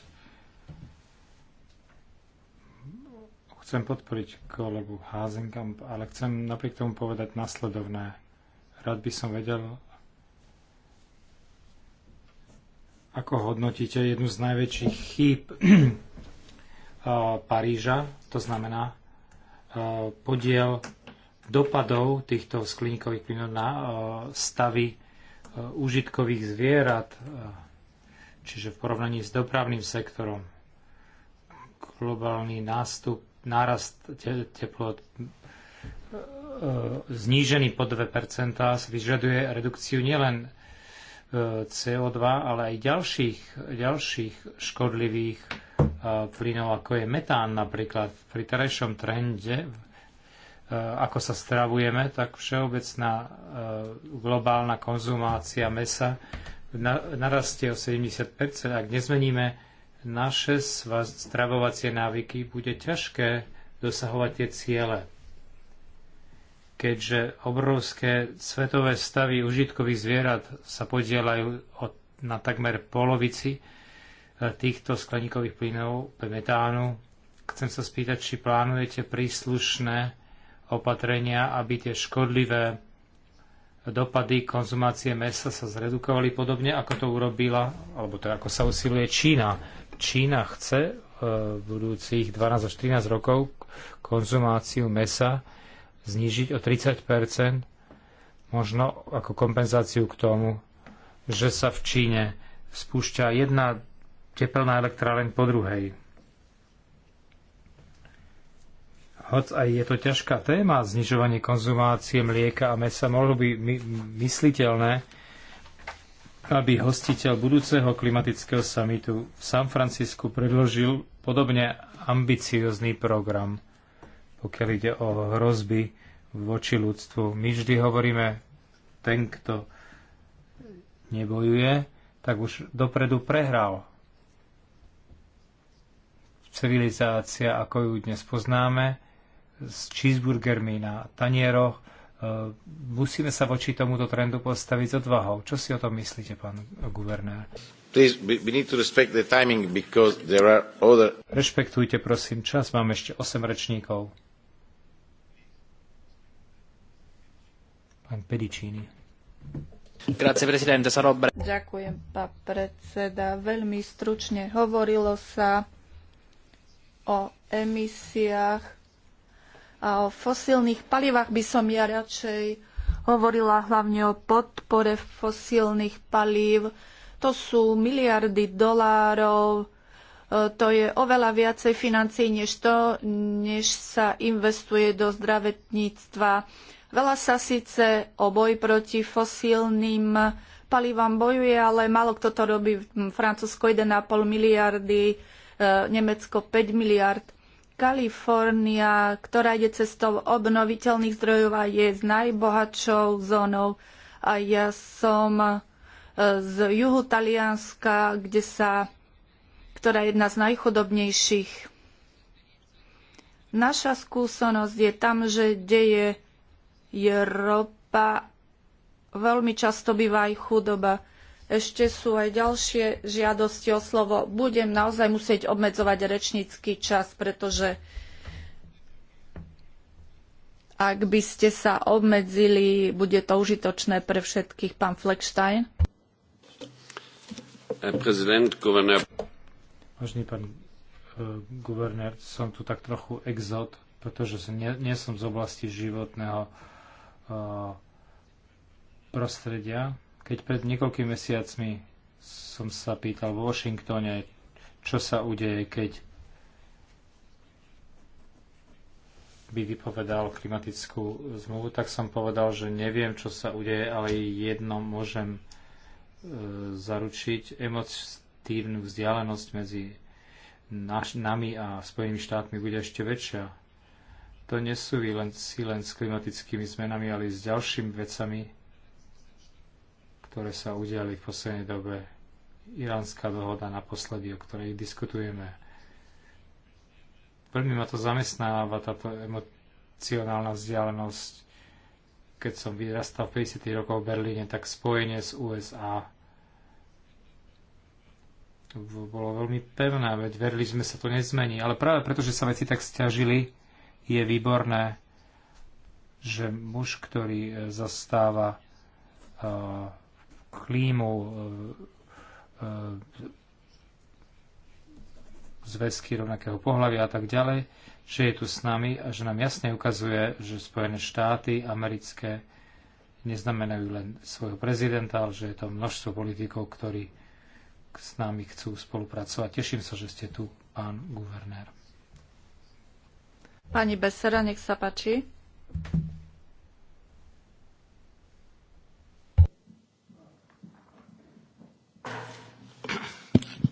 Chcem podporiť kolegu Házenkamp, ale chcem napriek tomu povedať nasledovné. Rád by som vedel, ako hodnotíte jednu z najväčších chýb Paríža, to znamená podiel dopadov týchto skleníkových plynov na e, stavy e, užitkových zvierat, e, čiže v porovnaní s dopravným sektorom. Globálny nástup, nárast teplot, znížený po 2% si vyžaduje redukciu nielen CO2, ale aj ďalších, ďalších škodlivých plynov, ako je metán napríklad. Pri terajšom trende Eh, ako sa stravujeme, tak všeobecná eh, globálna konzumácia mesa narastie o 70%. Ak nezmeníme naše stravovacie návyky, bude ťažké dosahovať tie ciele. Keďže obrovské svetové stavy užitkových zvierat sa podielajú na takmer polovici eh, týchto skleníkových plynov, metánu, chcem sa spýtať, či plánujete príslušné opatrenia, aby tie škodlivé dopady konzumácie mesa sa zredukovali podobne, ako to urobila, alebo to teda ako sa usiluje Čína. Čína chce e, v budúcich 12 až 13 rokov konzumáciu mesa znížiť o 30 možno ako kompenzáciu k tomu, že sa v Číne spúšťa jedna tepelná elektráreň po druhej. hoc aj je to ťažká téma, znižovanie konzumácie mlieka a mesa, mohlo by my, mysliteľné, aby hostiteľ budúceho klimatického samitu v San Francisku predložil podobne ambiciózny program, pokiaľ ide o hrozby voči ľudstvu. My vždy hovoríme, ten, kto nebojuje, tak už dopredu prehral. Civilizácia, ako ju dnes poznáme, s cheeseburgermi na tanieroch. E, musíme sa voči tomuto trendu postaviť s odvahou. Čo si o tom myslíte, pán guvernér? Please, other... Rešpektujte prosím čas, mám ešte 8 rečníkov. Pán Pedicini. Grazie, Ďakujem, pán predseda. Veľmi stručne hovorilo sa o emisiách a o fosílnych palivách by som ja radšej hovorila hlavne o podpore fosílnych palív. To sú miliardy dolárov, e, to je oveľa viacej financií, než to, než sa investuje do zdravotníctva. Veľa sa síce o boj proti fosílnym palivám bojuje, ale málo kto to robí. Francúzsko 1,5 miliardy, e, Nemecko 5 miliard. Kalifornia, ktorá ide cestou obnoviteľných zdrojov a je s najbohatšou zónou. A ja som e, z juhu Talianska, kde sa, ktorá je jedna z najchudobnejších. Naša skúsenosť je tam, že deje je ropa, veľmi často býva aj chudoba. Ešte sú aj ďalšie žiadosti o slovo. Budem naozaj musieť obmedzovať rečnícky čas, pretože ak by ste sa obmedzili, bude to užitočné pre všetkých. Pán Fleckstein. Vážený pán e, guvernér, som tu tak trochu exot, pretože som, nie, nie som z oblasti životného e, prostredia. Keď pred niekoľkými mesiacmi som sa pýtal v Washingtone, čo sa udeje, keď by vypovedal klimatickú zmluvu, tak som povedal, že neviem, čo sa udeje, ale jedno môžem e, zaručiť. Emotívnu vzdialenosť medzi naš, nami a Spojenými štátmi bude ešte väčšia. To nesúvisí len, len s klimatickými zmenami, ale i s ďalšími vecami, ktoré sa udiali v poslednej dobe. Iránska dohoda naposledy, o ktorej diskutujeme. Veľmi ma to zamestnáva, táto emocionálna vzdialenosť. Keď som vyrastal v 50. rokoch v Berlíne, tak spojenie s USA bolo veľmi pevné, veď verili sme sa to nezmení. Ale práve preto, že sa veci tak stiažili, je výborné, že muž, ktorý e, zastáva uh, klímou, e, e, zväzky rovnakého pohľavia a tak ďalej, že je tu s nami a že nám jasne ukazuje, že Spojené štáty americké neznamenajú len svojho prezidenta, ale že je to množstvo politikov, ktorí s nami chcú spolupracovať. Teším sa, že ste tu, pán guvernér. Pani Besera, nech sa páči.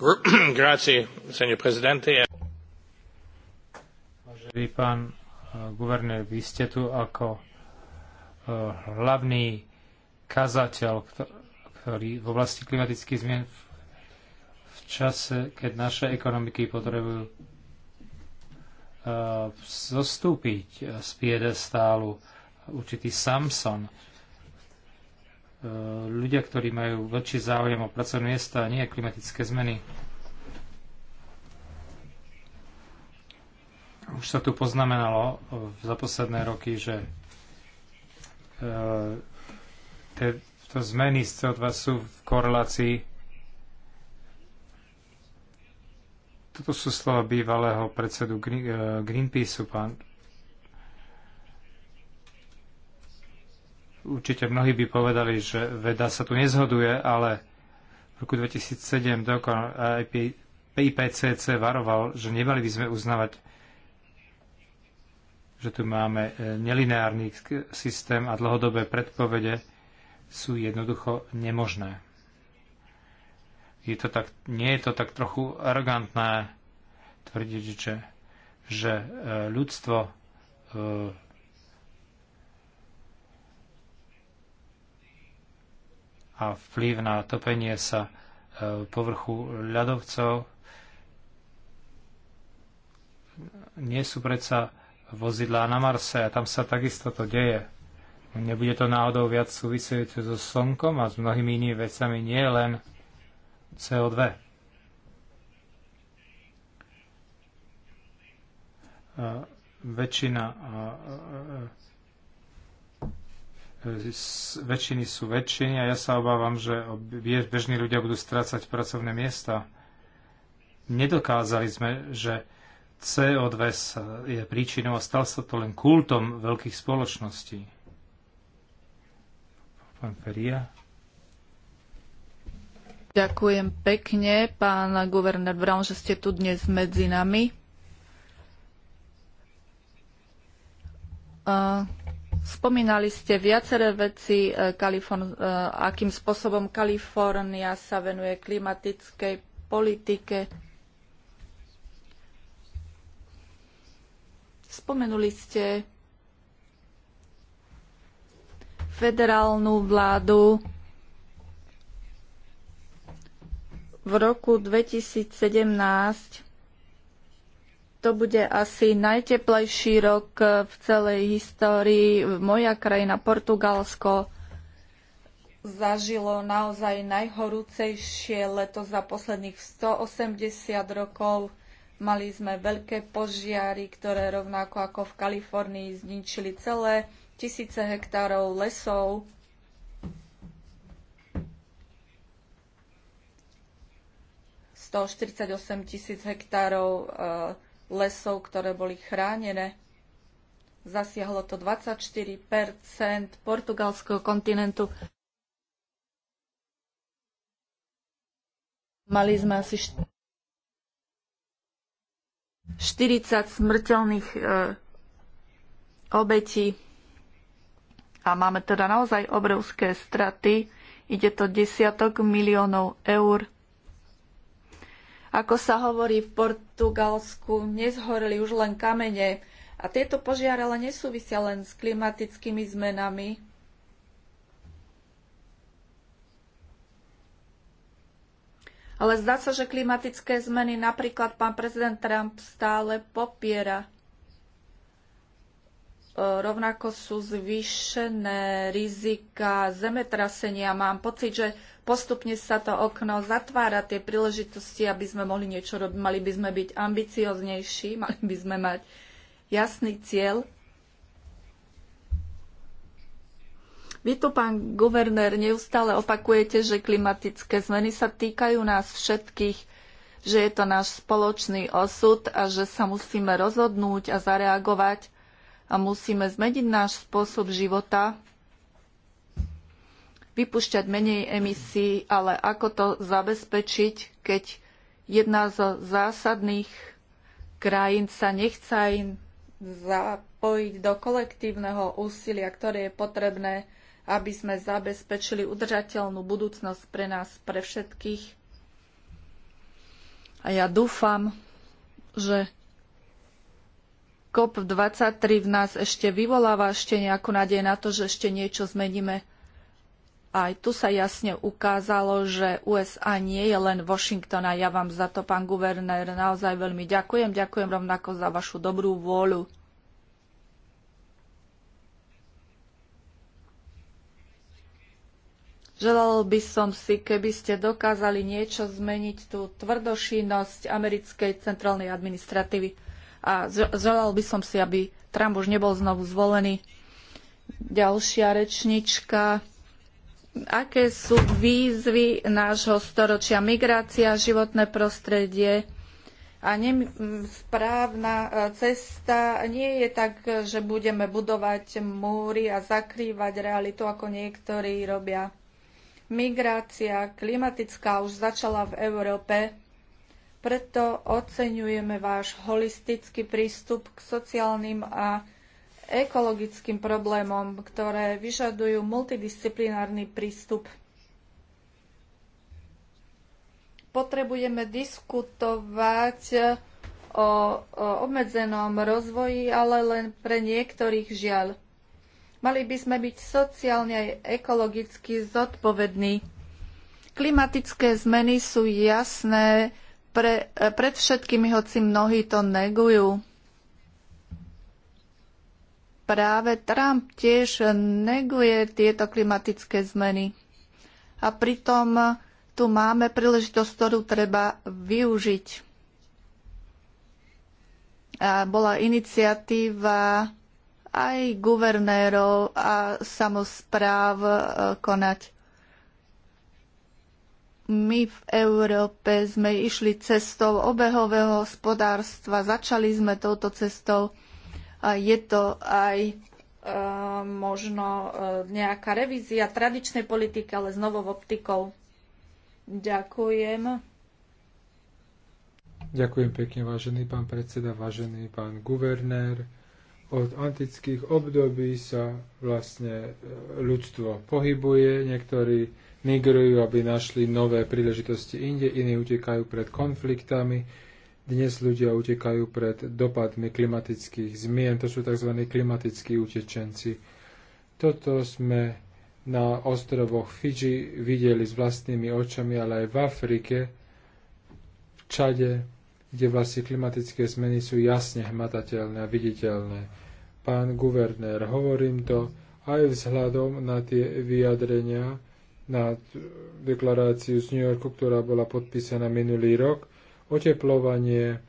Vážený pán eh, guvernér, vy ste tu ako eh, hlavný kazateľ, ktorý v oblasti klimatických zmien v čase, keď naše ekonomiky potrebujú eh, zostúpiť z piedestálu určitý Samson, ľudia, ktorí majú väčší záujem o pracovné miesta a nie klimatické zmeny. Už sa tu poznamenalo za posledné roky, že e, te, to zmeny z CO2 sú v korelácii. Toto sú slova bývalého predsedu e, Greenpeaceu, pán Určite mnohí by povedali, že veda sa tu nezhoduje, ale v roku 2007 dokon eh, IPCC varoval, že nemali by sme uznávať, že tu máme eh, nelineárny systém a dlhodobé predpovede sú jednoducho nemožné. Je to tak, nie je to tak trochu arrogantné tvrdiť, že, že eh, ľudstvo a vplyv na topenie sa e, povrchu ľadovcov nie sú predsa vozidlá na Marse a tam sa takisto to deje. Nebude to náhodou viac súvisieť so Slnkom a s mnohými inými vecami, nie len CO2. E, väčšina E, väčšiny sú väčšiny a ja sa obávam, že bežní ľudia budú strácať pracovné miesta. Nedokázali sme, že CO2 je príčinou a stal sa to len kultom veľkých spoločností. Pán Feria. Ďakujem pekne, pán guvernér Brown, že ste tu dnes medzi nami. Uh, Spomínali ste viaceré veci, e, e, akým spôsobom Kalifornia sa venuje klimatickej politike. Spomenuli ste federálnu vládu. V roku 2017 to bude asi najteplejší rok v celej histórii. Moja krajina, Portugalsko, zažilo naozaj najhorúcejšie leto za posledných 180 rokov. Mali sme veľké požiary, ktoré rovnako ako v Kalifornii zničili celé tisíce hektárov lesov. ...148 tisíc hektárov eh, lesov, ktoré boli chránené. Zasiahlo to 24 portugalského kontinentu. Mali sme asi 40 smrteľných e, obetí a máme teda naozaj obrovské straty. Ide to desiatok miliónov eur. Ako sa hovorí v Portugalsku, Portugalsku nezhoreli už len kamene. A tieto požiare ale nesúvisia len s klimatickými zmenami. Ale zdá sa, že klimatické zmeny napríklad pán prezident Trump stále popiera. E, rovnako sú zvýšené rizika zemetrasenia. Mám pocit, že postupne sa to okno zatvára, tie príležitosti, aby sme mohli niečo robiť. Mali by sme byť ambicioznejší, mali by sme mať jasný cieľ. Vy tu, pán guvernér, neustále opakujete, že klimatické zmeny sa týkajú nás všetkých, že je to náš spoločný osud a že sa musíme rozhodnúť a zareagovať a musíme zmeniť náš spôsob života, vypušťať menej emisí, ale ako to zabezpečiť, keď jedna zo zásadných krajín sa nechce zapojiť do kolektívneho úsilia, ktoré je potrebné, aby sme zabezpečili udržateľnú budúcnosť pre nás, pre všetkých. A ja dúfam, že COP23 v nás ešte vyvoláva ešte nejakú nádej na to, že ešte niečo zmeníme. Aj tu sa jasne ukázalo, že USA nie je len Washington a ja vám za to, pán guvernér, naozaj veľmi ďakujem. Ďakujem rovnako za vašu dobrú vôľu. Želal by som si, keby ste dokázali niečo zmeniť tú tvrdošinnosť americkej centrálnej administratívy a želal by som si, aby Trump už nebol znovu zvolený. Ďalšia rečnička. Aké sú výzvy nášho storočia? Migrácia, životné prostredie a ne, správna e, cesta nie je tak, že budeme budovať múry a zakrývať realitu, ako niektorí robia. Migrácia klimatická už začala v Európe preto oceňujeme váš holistický prístup k sociálnym a ekologickým problémom, ktoré vyžadujú multidisciplinárny prístup. Potrebujeme diskutovať o, obmedzenom rozvoji, ale len pre niektorých žiaľ. Mali by sme byť sociálne aj ekologicky zodpovední. Klimatické zmeny sú jasné pre, e, pred všetkými, hoci mnohí to negujú. Práve Trump tiež neguje tieto klimatické zmeny. A pritom tu máme príležitosť, ktorú treba využiť. A bola iniciatíva aj guvernérov a samozpráv e, konať my v Európe sme išli cestou obehového hospodárstva, začali sme touto cestou a je to aj e, možno e, nejaká revízia tradičnej politiky, ale znovu v optikou. Ďakujem. Ďakujem pekne, vážený pán predseda, vážený pán guvernér. Od antických období sa vlastne e, ľudstvo pohybuje. Niektorí migrujú, aby našli nové príležitosti inde, iní utekajú pred konfliktami, dnes ľudia utekajú pred dopadmi klimatických zmien, to sú tzv. klimatickí utečenci. Toto sme na ostrovoch Fidži videli s vlastnými očami, ale aj v Afrike, v Čade, kde vlastne klimatické zmeny sú jasne hmatateľné a viditeľné. Pán guvernér, hovorím to aj vzhľadom na tie vyjadrenia, na deklaráciu z New Yorku, ktorá bola podpísaná minulý rok. Oteplovanie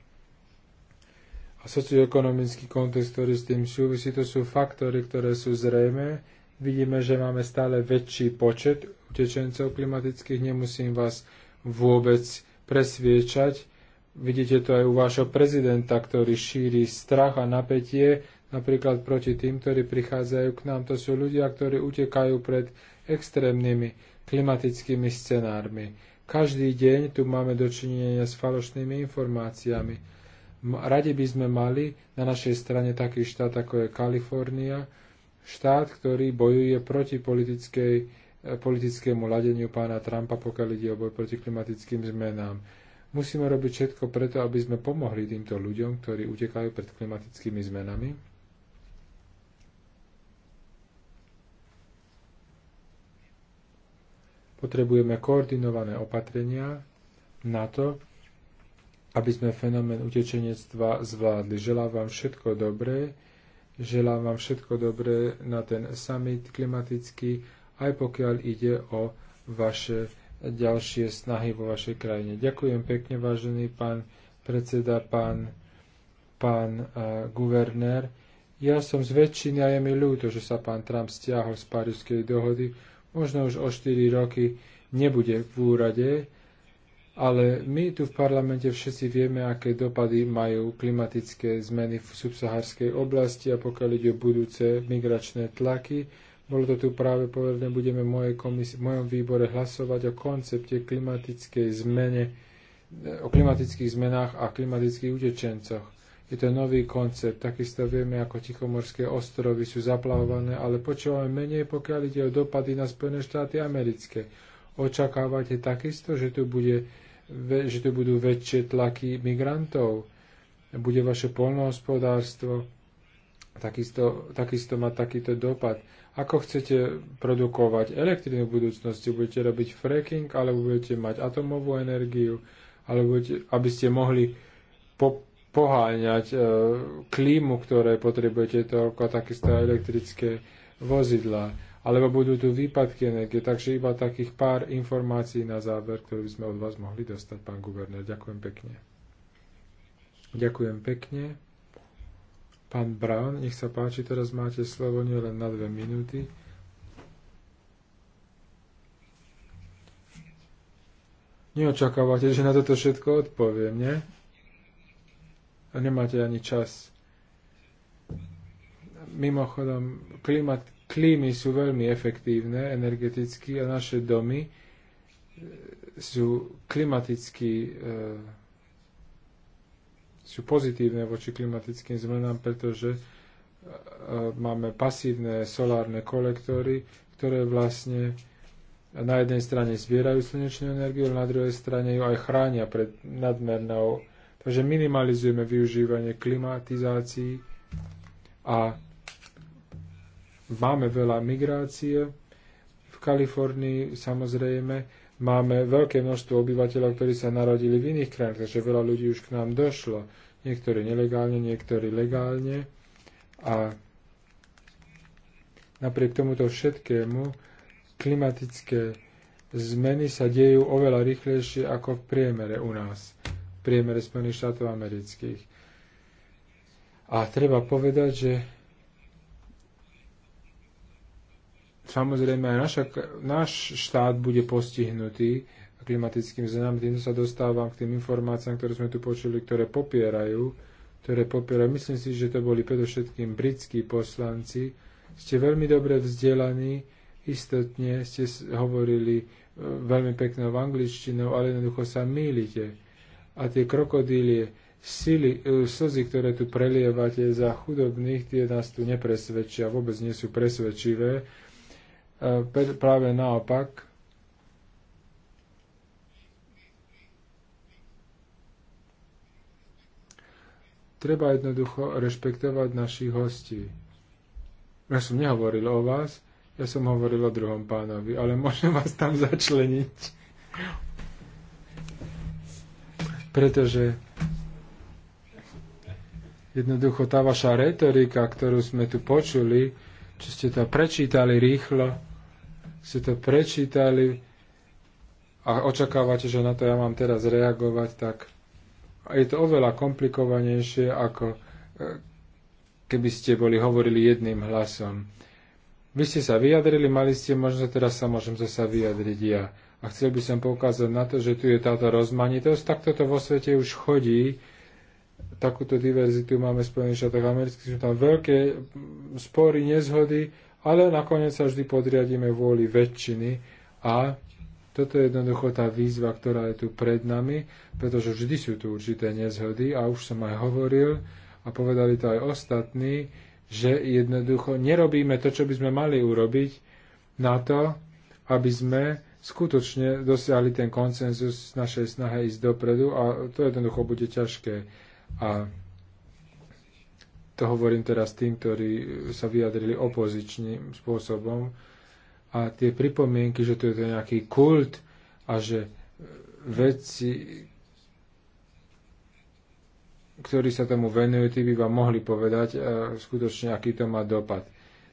a socioekonomický kontext, ktorý s tým súvisí, to sú faktory, ktoré sú zrejme. Vidíme, že máme stále väčší počet utečencov klimatických, nemusím vás vôbec presviečať. Vidíte to aj u vášho prezidenta, ktorý šíri strach a napätie napríklad proti tým, ktorí prichádzajú k nám. To sú ľudia, ktorí utekajú pred extrémnymi klimatickými scenármi. Každý deň tu máme dočinenia s falošnými informáciami. Radi by sme mali na našej strane taký štát, ako je Kalifornia, štát, ktorý bojuje proti politickej, e, politickému ladeniu pána Trumpa, pokiaľ ide o boj proti klimatickým zmenám. Musíme robiť všetko preto, aby sme pomohli týmto ľuďom, ktorí utekajú pred klimatickými zmenami. Potrebujeme koordinované opatrenia na to, aby sme fenomén utečenectva zvládli. Želám vám všetko dobré, želám vám všetko dobré na ten summit klimatický, aj pokiaľ ide o vaše ďalšie snahy vo vašej krajine. Ďakujem pekne, vážený pán predseda, pán, pán uh, guvernér. Ja som z väčšiny a je mi ľúto, že sa pán Trump stiahol z Parížskej dohody, možno už o 4 roky nebude v úrade, ale my tu v parlamente všetci vieme, aké dopady majú klimatické zmeny v subsaharskej oblasti a pokiaľ ide o budúce migračné tlaky. Bolo to tu práve povedané, budeme v, mojej komisi- v mojom výbore hlasovať o koncepte klimatickej zmene, o klimatických zmenách a klimatických utečencoch. Je to nový koncept. Takisto vieme, ako Tichomorské ostrovy sú zaplavované, ale počúvame menej, pokiaľ ide o dopady na Spojené štáty americké. Očakávate takisto, že tu, bude, že tu budú väčšie tlaky migrantov? Bude vaše polnohospodárstvo takisto, takisto mať takýto dopad? Ako chcete produkovať elektrínu v budúcnosti? Budete robiť fracking, alebo budete mať atomovú energiu, alebo budete, aby ste mohli po, poháňať e, klímu, ktoré potrebujete to ako takisto elektrické vozidla, alebo budú tu výpadky energie. Takže iba takých pár informácií na záver, ktoré by sme od vás mohli dostať, pán guvernér. Ďakujem pekne. Ďakujem pekne. Pán Brown, nech sa páči, teraz máte slovo nielen na dve minúty. Neočakávate, že na toto všetko odpoviem, nie? nemáte ani čas. Mimochodom, klimat, klímy sú veľmi efektívne energeticky a naše domy e, sú klimaticky e, sú pozitívne voči klimatickým zmenám, pretože e, máme pasívne solárne kolektory, ktoré vlastne na jednej strane zbierajú slnečnú energiu, ale na druhej strane ju aj chránia pred nadmernou Takže minimalizujeme využívanie klimatizácií a máme veľa migrácie. V Kalifornii samozrejme máme veľké množstvo obyvateľov, ktorí sa narodili v iných krajinách, takže veľa ľudí už k nám došlo. Niektorí nelegálne, niektorí legálne. A napriek tomuto všetkému klimatické zmeny sa dejú oveľa rýchlejšie ako v priemere u nás priemere Spojených štátov amerických. A treba povedať, že samozrejme aj naša, náš štát bude postihnutý klimatickým zmenám. Týmto sa dostávam k tým informáciám, ktoré sme tu počuli, ktoré popierajú, ktoré popierajú. Myslím si, že to boli predovšetkým britskí poslanci. Ste veľmi dobre vzdelaní, istotne ste hovorili e, veľmi peknou angličtinou, ale jednoducho sa mýlite a tie krokodílie sily, e, slzy, ktoré tu prelievate za chudobných, tie nás tu nepresvedčia, vôbec nie sú presvedčivé. E, práve naopak, treba jednoducho rešpektovať našich hostí. Ja som nehovoril o vás, ja som hovoril o druhom pánovi, ale môžem vás tam začleniť pretože jednoducho tá vaša retorika, ktorú sme tu počuli, či ste to prečítali rýchlo, ste to prečítali a očakávate, že na to ja mám teraz reagovať, tak je to oveľa komplikovanejšie, ako e, keby ste boli hovorili jedným hlasom. Vy ste sa vyjadrili, mali ste možnosť, teraz sa môžem zase vyjadriť ja. A chcel by som poukázať na to, že tu je táto rozmanitosť. Takto toto vo svete už chodí. Takúto diverzitu máme v Spojených štátoch amerických. Sú tam veľké spory, nezhody, ale nakoniec sa vždy podriadíme vôli väčšiny. A toto je jednoducho tá výzva, ktorá je tu pred nami, pretože vždy sú tu určité nezhody a už som aj hovoril a povedali to aj ostatní, že jednoducho nerobíme to, čo by sme mali urobiť na to, aby sme skutočne dosiahli ten konsenzus našej snahe ísť dopredu a to jednoducho bude ťažké. A to hovorím teraz tým, ktorí sa vyjadrili opozičným spôsobom. A tie pripomienky, že to je to nejaký kult a že vedci, ktorí sa tomu venujú, tí by vám mohli povedať e, skutočne, aký to má dopad.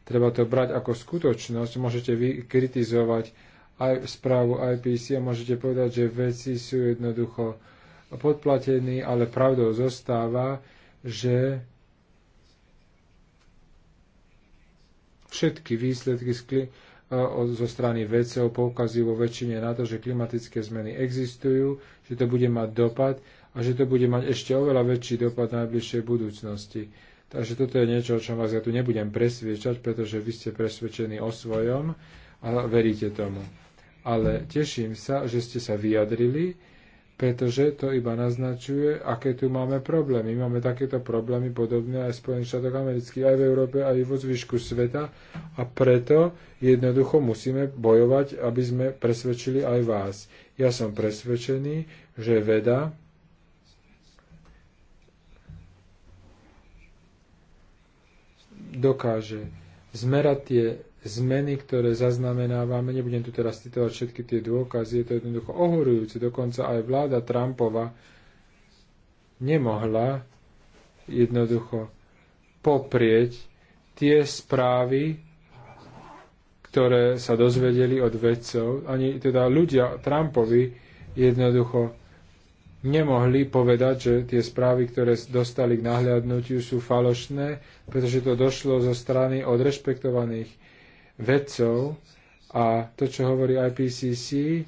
Treba to brať ako skutočnosť. Môžete vy kritizovať aj správu IPC a môžete povedať, že veci sú jednoducho podplatení, ale pravdou zostáva, že všetky výsledky zo strany vedcov poukazujú vo väčšine na to, že klimatické zmeny existujú, že to bude mať dopad a že to bude mať ešte oveľa väčší dopad v najbližšej budúcnosti. Takže toto je niečo, o čom vás ja tu nebudem presviečať, pretože vy ste presvedčení o svojom a veríte tomu ale teším sa, že ste sa vyjadrili, pretože to iba naznačuje, aké tu máme problémy. Máme takéto problémy podobné aj v Spojených štátoch amerických, aj v Európe, aj vo zvyšku sveta a preto jednoducho musíme bojovať, aby sme presvedčili aj vás. Ja som presvedčený, že veda dokáže zmerať tie zmeny, ktoré zaznamenávame, nebudem tu teraz citovať všetky tie dôkazy, je to jednoducho ohorujúce, dokonca aj vláda Trumpova nemohla jednoducho poprieť tie správy, ktoré sa dozvedeli od vedcov, ani teda ľudia Trumpovi jednoducho nemohli povedať, že tie správy, ktoré dostali k nahliadnutiu, sú falošné, pretože to došlo zo strany od rešpektovaných vedcov a to, čo hovorí IPCC, e,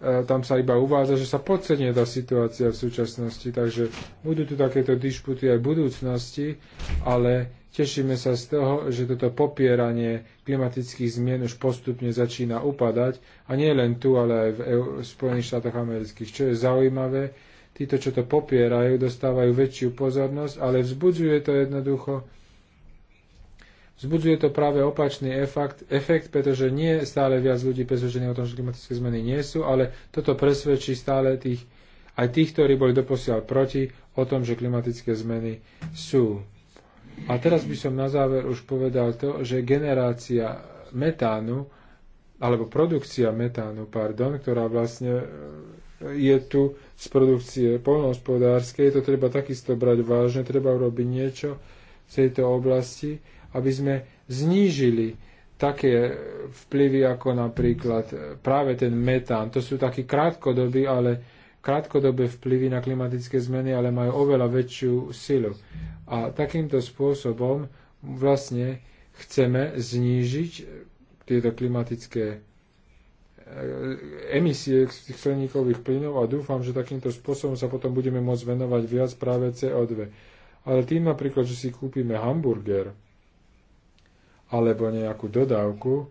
tam sa iba uvádza, že sa podcenie tá situácia v súčasnosti, takže budú tu takéto dišputy aj v budúcnosti, ale tešíme sa z toho, že toto popieranie klimatických zmien už postupne začína upadať a nie len tu, ale aj v e Spojených štátoch amerických. Čo je zaujímavé, títo, čo to popierajú, dostávajú väčšiu pozornosť, ale vzbudzuje to jednoducho Zbudzuje to práve opačný efekt, efekt pretože nie stále viac ľudí presvedčených o tom, že klimatické zmeny nie sú, ale toto presvedčí stále tých, aj tých, ktorí boli doposiaľ proti, o tom, že klimatické zmeny sú. A teraz by som na záver už povedal to, že generácia metánu, alebo produkcia metánu, pardon, ktorá vlastne e, je tu z produkcie polnohospodárskej, to treba takisto brať vážne, treba urobiť niečo v tejto oblasti aby sme znížili také vplyvy ako napríklad e, práve ten metán. To sú takí krátkodobí, ale krátkodobé vplyvy na klimatické zmeny, ale majú oveľa väčšiu silu. A takýmto spôsobom vlastne chceme znížiť tieto klimatické e, emisie tých skleníkových plynov a dúfam, že takýmto spôsobom sa potom budeme môcť venovať viac práve CO2. Ale tým napríklad, že si kúpime hamburger, alebo nejakú dodávku,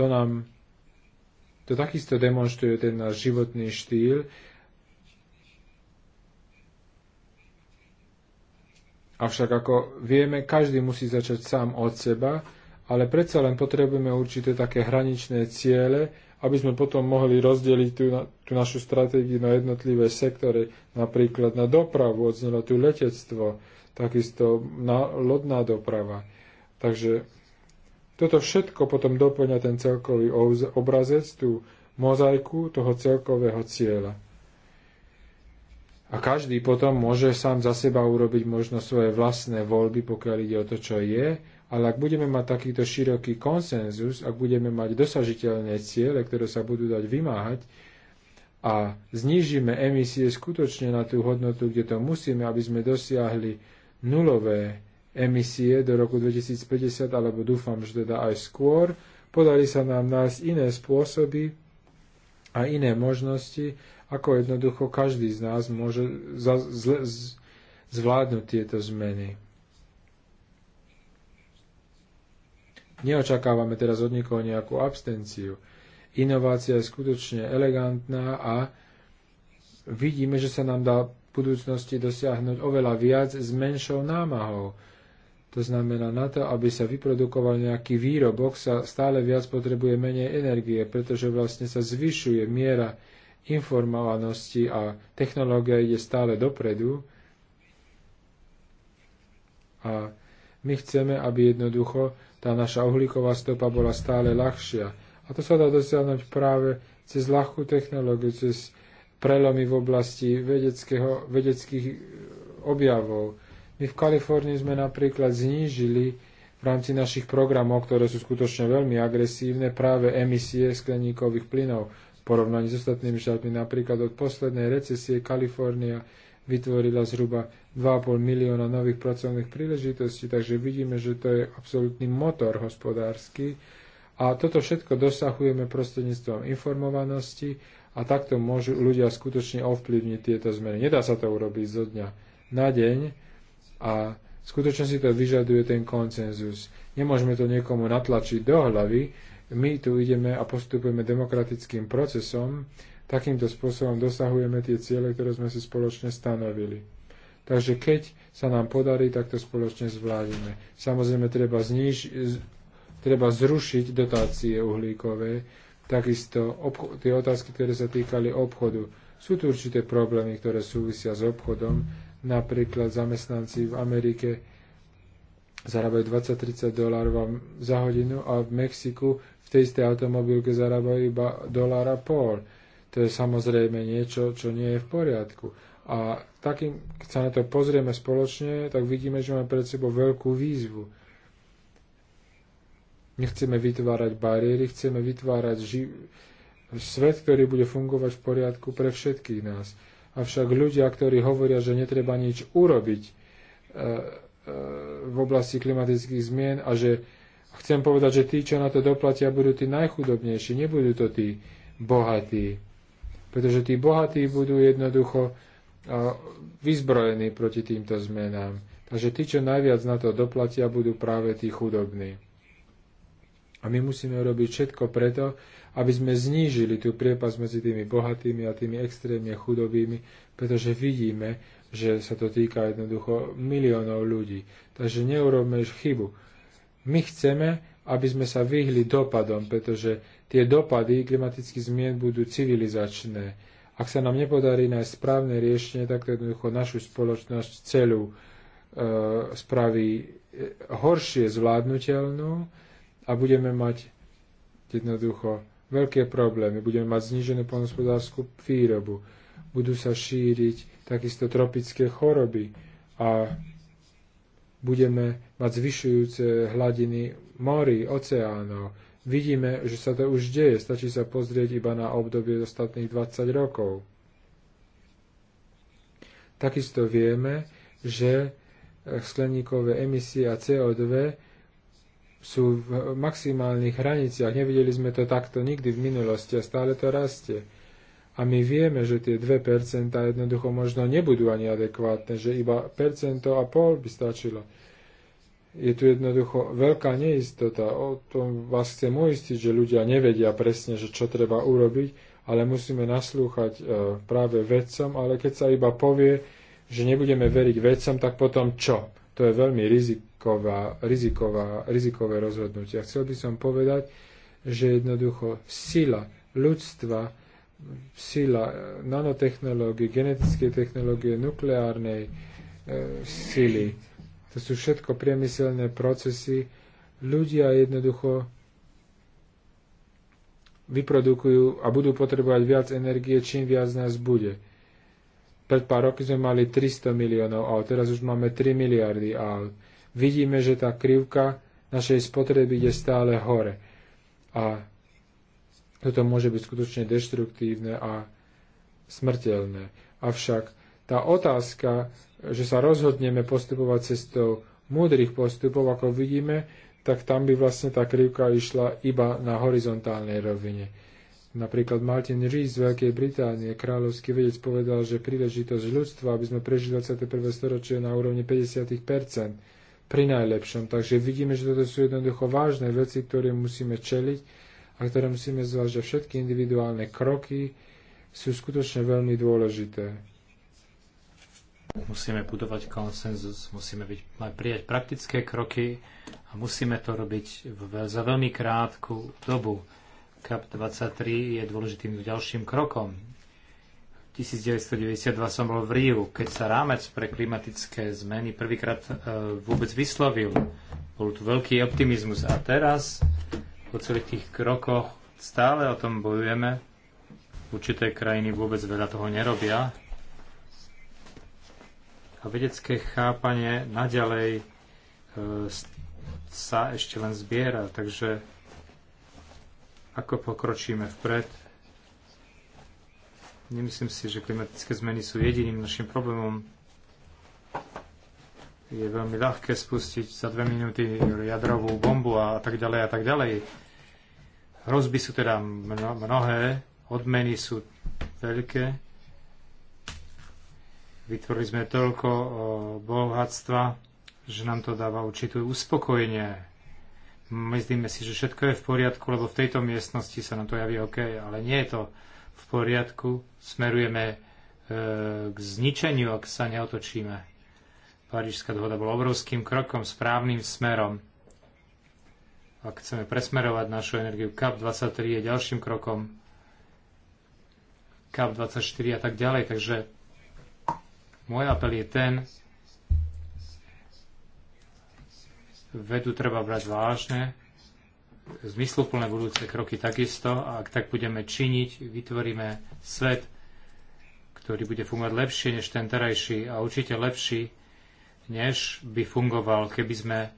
to nám to takisto demonstruje ten náš životný štýl avšak ako vieme, každý musí začať sám od seba ale predsa len potrebujeme určité také hraničné ciele, aby sme potom mohli rozdeliť tú, tú našu stratégiu na jednotlivé sektory, napríklad na dopravu, odznelo tu letectvo, takisto na, lodná doprava. Takže toto všetko potom doplňa ten celkový obrazec, tú mozaiku toho celkového cieľa. A každý potom môže sám za seba urobiť možno svoje vlastné voľby, pokiaľ ide o to, čo je, ale ak budeme mať takýto široký konsenzus, ak budeme mať dosažiteľné ciele, ktoré sa budú dať vymáhať a znížime emisie skutočne na tú hodnotu, kde to musíme, aby sme dosiahli nulové emisie do roku 2050, alebo dúfam, že teda aj skôr. Podali sa nám nájsť iné spôsoby a iné možnosti, ako jednoducho každý z nás môže zvládnuť tieto zmeny. Neočakávame teraz od nikoho nejakú abstenciu. Inovácia je skutočne elegantná a vidíme, že sa nám dá budúcnosti dosiahnuť oveľa viac s menšou námahou. To znamená, na to, aby sa vyprodukoval nejaký výrobok, sa stále viac potrebuje menej energie, pretože vlastne sa zvyšuje miera informovanosti a technológia ide stále dopredu. A my chceme, aby jednoducho tá naša uhlíková stopa bola stále ľahšia. A to sa dá dosiahnuť práve cez ľahkú technológiu, cez prelomy v oblasti vedeckých eh, objavov. My v Kalifornii sme napríklad znížili v rámci našich programov, ktoré sú skutočne veľmi agresívne, práve emisie skleníkových plynov v porovnaní s ostatnými štátmi. Napríklad od poslednej recesie Kalifornia vytvorila zhruba 2,5 milióna nových pracovných príležitostí, takže vidíme, že to je absolútny motor hospodársky. A toto všetko dosahujeme prostredníctvom informovanosti, a takto môžu ľudia skutočne ovplyvniť tieto zmeny. Nedá sa to urobiť zo dňa na deň a skutočne si to vyžaduje ten koncenzus. Nemôžeme to niekomu natlačiť do hlavy, my tu ideme a postupujeme demokratickým procesom, takýmto spôsobom dosahujeme tie ciele, ktoré sme si spoločne stanovili. Takže keď sa nám podarí, tak to spoločne zvládime. Samozrejme, treba, zniž, treba zrušiť dotácie uhlíkové, Takisto tie otázky, ktoré sa týkali obchodu. Sú tu určité problémy, ktoré súvisia s obchodom. Napríklad zamestnanci v Amerike zarábajú 20-30 dolárov za hodinu a v Mexiku v tej istej automobilke zarábajú iba dolára pol. To je samozrejme niečo, čo nie je v poriadku. A takým, keď sa na to pozrieme spoločne, tak vidíme, že máme pred sebou veľkú výzvu Nechceme vytvárať bariéry, chceme vytvárať ži- svet, ktorý bude fungovať v poriadku pre všetkých nás. Avšak ľudia, ktorí hovoria, že netreba nič urobiť e, e, v oblasti klimatických zmien a že chcem povedať, že tí, čo na to doplatia, budú tí najchudobnejší, nebudú to tí bohatí. Pretože tí bohatí budú jednoducho e, vyzbrojení proti týmto zmenám. Takže tí, čo najviac na to doplatia, budú práve tí chudobní. A my musíme robiť všetko preto, aby sme znížili tú priepas medzi tými bohatými a tými extrémne chudobými, pretože vidíme, že sa to týka jednoducho miliónov ľudí. Takže neurobme chybu. My chceme, aby sme sa vyhli dopadom, pretože tie dopady klimatických zmien budú civilizačné. Ak sa nám nepodarí nájsť správne riešenie, tak to jednoducho našu spoločnosť celú e, spraví e, horšie zvládnutelnú, a budeme mať jednoducho veľké problémy. Budeme mať zniženú poľnohospodárskú výrobu, budú sa šíriť takisto tropické choroby a budeme mať zvyšujúce hladiny morí, oceánov. Vidíme, že sa to už deje, stačí sa pozrieť iba na obdobie ostatných 20 rokov. Takisto vieme, že skleníkové emisie a CO2 sú v maximálnych hraniciach. Nevideli sme to takto nikdy v minulosti a stále to rastie. A my vieme, že tie 2% jednoducho možno nebudú ani adekvátne, že iba percento a pol by stačilo. Je tu jednoducho veľká neistota. O tom vás chcem uistiť, že ľudia nevedia presne, že čo treba urobiť, ale musíme naslúchať e, práve vedcom, ale keď sa iba povie, že nebudeme veriť vedcom, tak potom čo? To je veľmi riziková, riziková, rizikové rozhodnutie. Chcel by som povedať, že jednoducho sila ľudstva, sila nanotechnológie, genetické technológie, nukleárnej e, sily, to sú všetko priemyselné procesy. Ľudia jednoducho vyprodukujú a budú potrebovať viac energie, čím viac nás bude. Pred pár roky sme mali 300 miliónov aut, teraz už máme 3 miliardy aut. Vidíme, že tá krivka našej spotreby ide stále hore. A toto môže byť skutočne deštruktívne a smrteľné. Avšak tá otázka, že sa rozhodneme postupovať cestou múdrych postupov, ako vidíme, tak tam by vlastne tá krivka išla iba na horizontálnej rovine. Napríklad Martin Rees z Veľkej Británie, kráľovský vedec, povedal, že príležitosť ľudstva, aby sme prežili 21. storočie na úrovni 50 pri najlepšom. Takže vidíme, že toto sú jednoducho vážne veci, ktoré musíme čeliť a ktoré musíme zvážiť. Všetky individuálne kroky sú skutočne veľmi dôležité. Musíme budovať konsenzus, musíme byť, prijať praktické kroky a musíme to robiť v, za veľmi krátku dobu. CAP23 je dôležitým ďalším krokom. 1992 som bol v Riu, keď sa rámec pre klimatické zmeny prvýkrát e, vôbec vyslovil. Bol tu veľký optimizmus a teraz po celých tých krokoch stále o tom bojujeme. Určité krajiny vôbec veľa toho nerobia. A vedecké chápanie naďalej e, sa ešte len zbiera, takže ako pokročíme vpred. Nemyslím si, že klimatické zmeny sú jediným našim problémom. Je veľmi ľahké spustiť za dve minúty jadrovú bombu a tak ďalej a tak ďalej. Hrozby sú teda mnohé, odmeny sú veľké. Vytvorili sme toľko bohatstva, že nám to dáva určité uspokojenie Myslíme si, že všetko je v poriadku, lebo v tejto miestnosti sa nám to javí OK, ale nie je to v poriadku. Smerujeme e, k zničeniu, ak sa neotočíme. Parížská dohoda bola obrovským krokom, správnym smerom. Ak chceme presmerovať našu energiu, CAP23 je ďalším krokom, CAP24 a tak ďalej. Takže môj apel je ten, vedu treba brať vážne, zmysluplné budúce kroky takisto a ak tak budeme činiť, vytvoríme svet, ktorý bude fungovať lepšie než ten terajší a určite lepší, než by fungoval, keby sme e,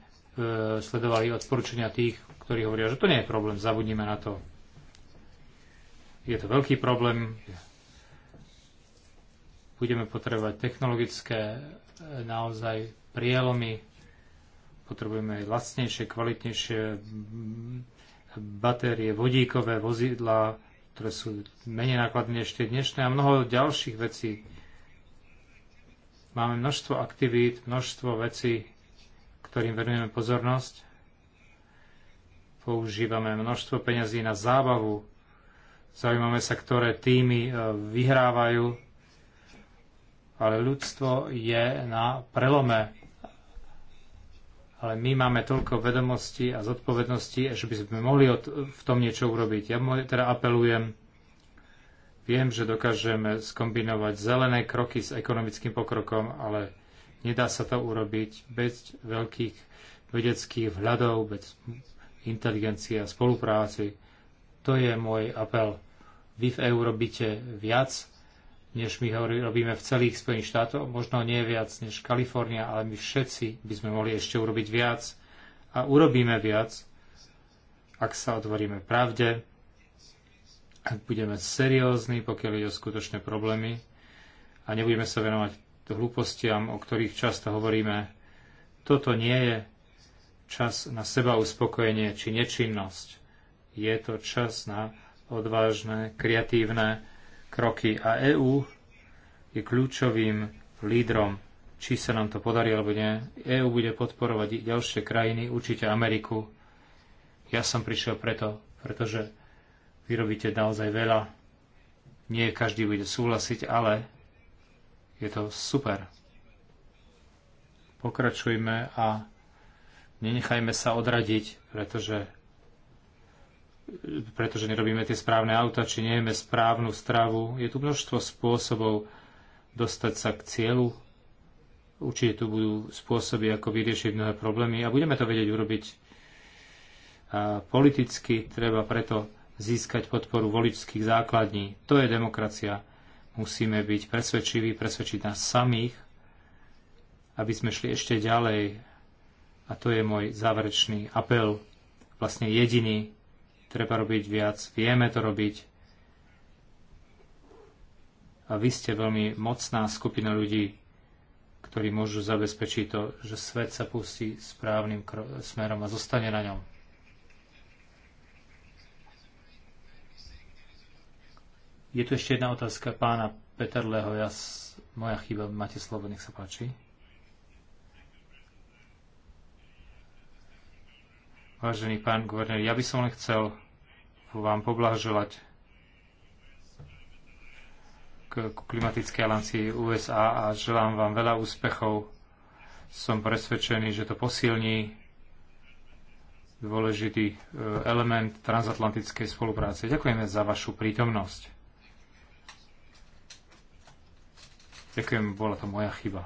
sledovali odporúčania tých, ktorí hovoria, že to nie je problém, zabudnime na to. Je to veľký problém, budeme potrebovať technologické e, naozaj prielomy, Potrebujeme aj lacnejšie, kvalitnejšie mm, batérie, vodíkové vozidla, ktoré sú menej nákladné než tie dnešné a mnoho ďalších vecí. Máme množstvo aktivít, množstvo vecí, ktorým venujeme pozornosť. Používame množstvo peňazí na zábavu. Zaujímame sa, ktoré týmy e, vyhrávajú. Ale ľudstvo je na prelome ale my máme toľko vedomostí a zodpovedností, že by sme mohli v tom niečo urobiť. Ja teda apelujem, viem, že dokážeme skombinovať zelené kroky s ekonomickým pokrokom, ale nedá sa to urobiť bez veľkých vedeckých vhľadov, bez inteligencie a spolupráci. To je môj apel. Vy v EU robíte viac, než my robíme v celých Spojených štátoch, možno nie viac než Kalifornia, ale my všetci by sme mohli ešte urobiť viac a urobíme viac, ak sa otvoríme pravde, ak budeme seriózni, pokiaľ ide o skutočné problémy a nebudeme sa venovať hlúpostiam, o ktorých často hovoríme. Toto nie je čas na seba uspokojenie či nečinnosť. Je to čas na odvážne, kreatívne kroky a EÚ je kľúčovým lídrom, či sa nám to podarí alebo nie. EÚ bude podporovať ďalšie krajiny, určite Ameriku. Ja som prišiel preto, pretože vyrobíte naozaj veľa. Nie každý bude súhlasiť, ale je to super. Pokračujme a nenechajme sa odradiť, pretože pretože nerobíme tie správne auta, či nejeme správnu stravu. Je tu množstvo spôsobov dostať sa k cieľu. Určite tu budú spôsoby, ako vyriešiť mnohé problémy a budeme to vedieť urobiť a politicky. Treba preto získať podporu voličských základní. To je demokracia. Musíme byť presvedčiví, presvedčiť nás samých, aby sme šli ešte ďalej. A to je môj záverečný apel, vlastne jediný, Treba robiť viac, vieme to robiť. A vy ste veľmi mocná skupina ľudí, ktorí môžu zabezpečiť to, že svet sa pustí správnym smerom a zostane na ňom. Je tu ešte jedna otázka pána Peterleho. Ja, moja chyba, máte slovo, nech sa páči. Vážený pán guvernér, ja by som len chcel vám poblahoželať k klimatickej lancii USA a želám vám veľa úspechov. Som presvedčený, že to posilní dôležitý e, element transatlantickej spolupráce. Ďakujeme za vašu prítomnosť. Ďakujem, bola to moja chyba.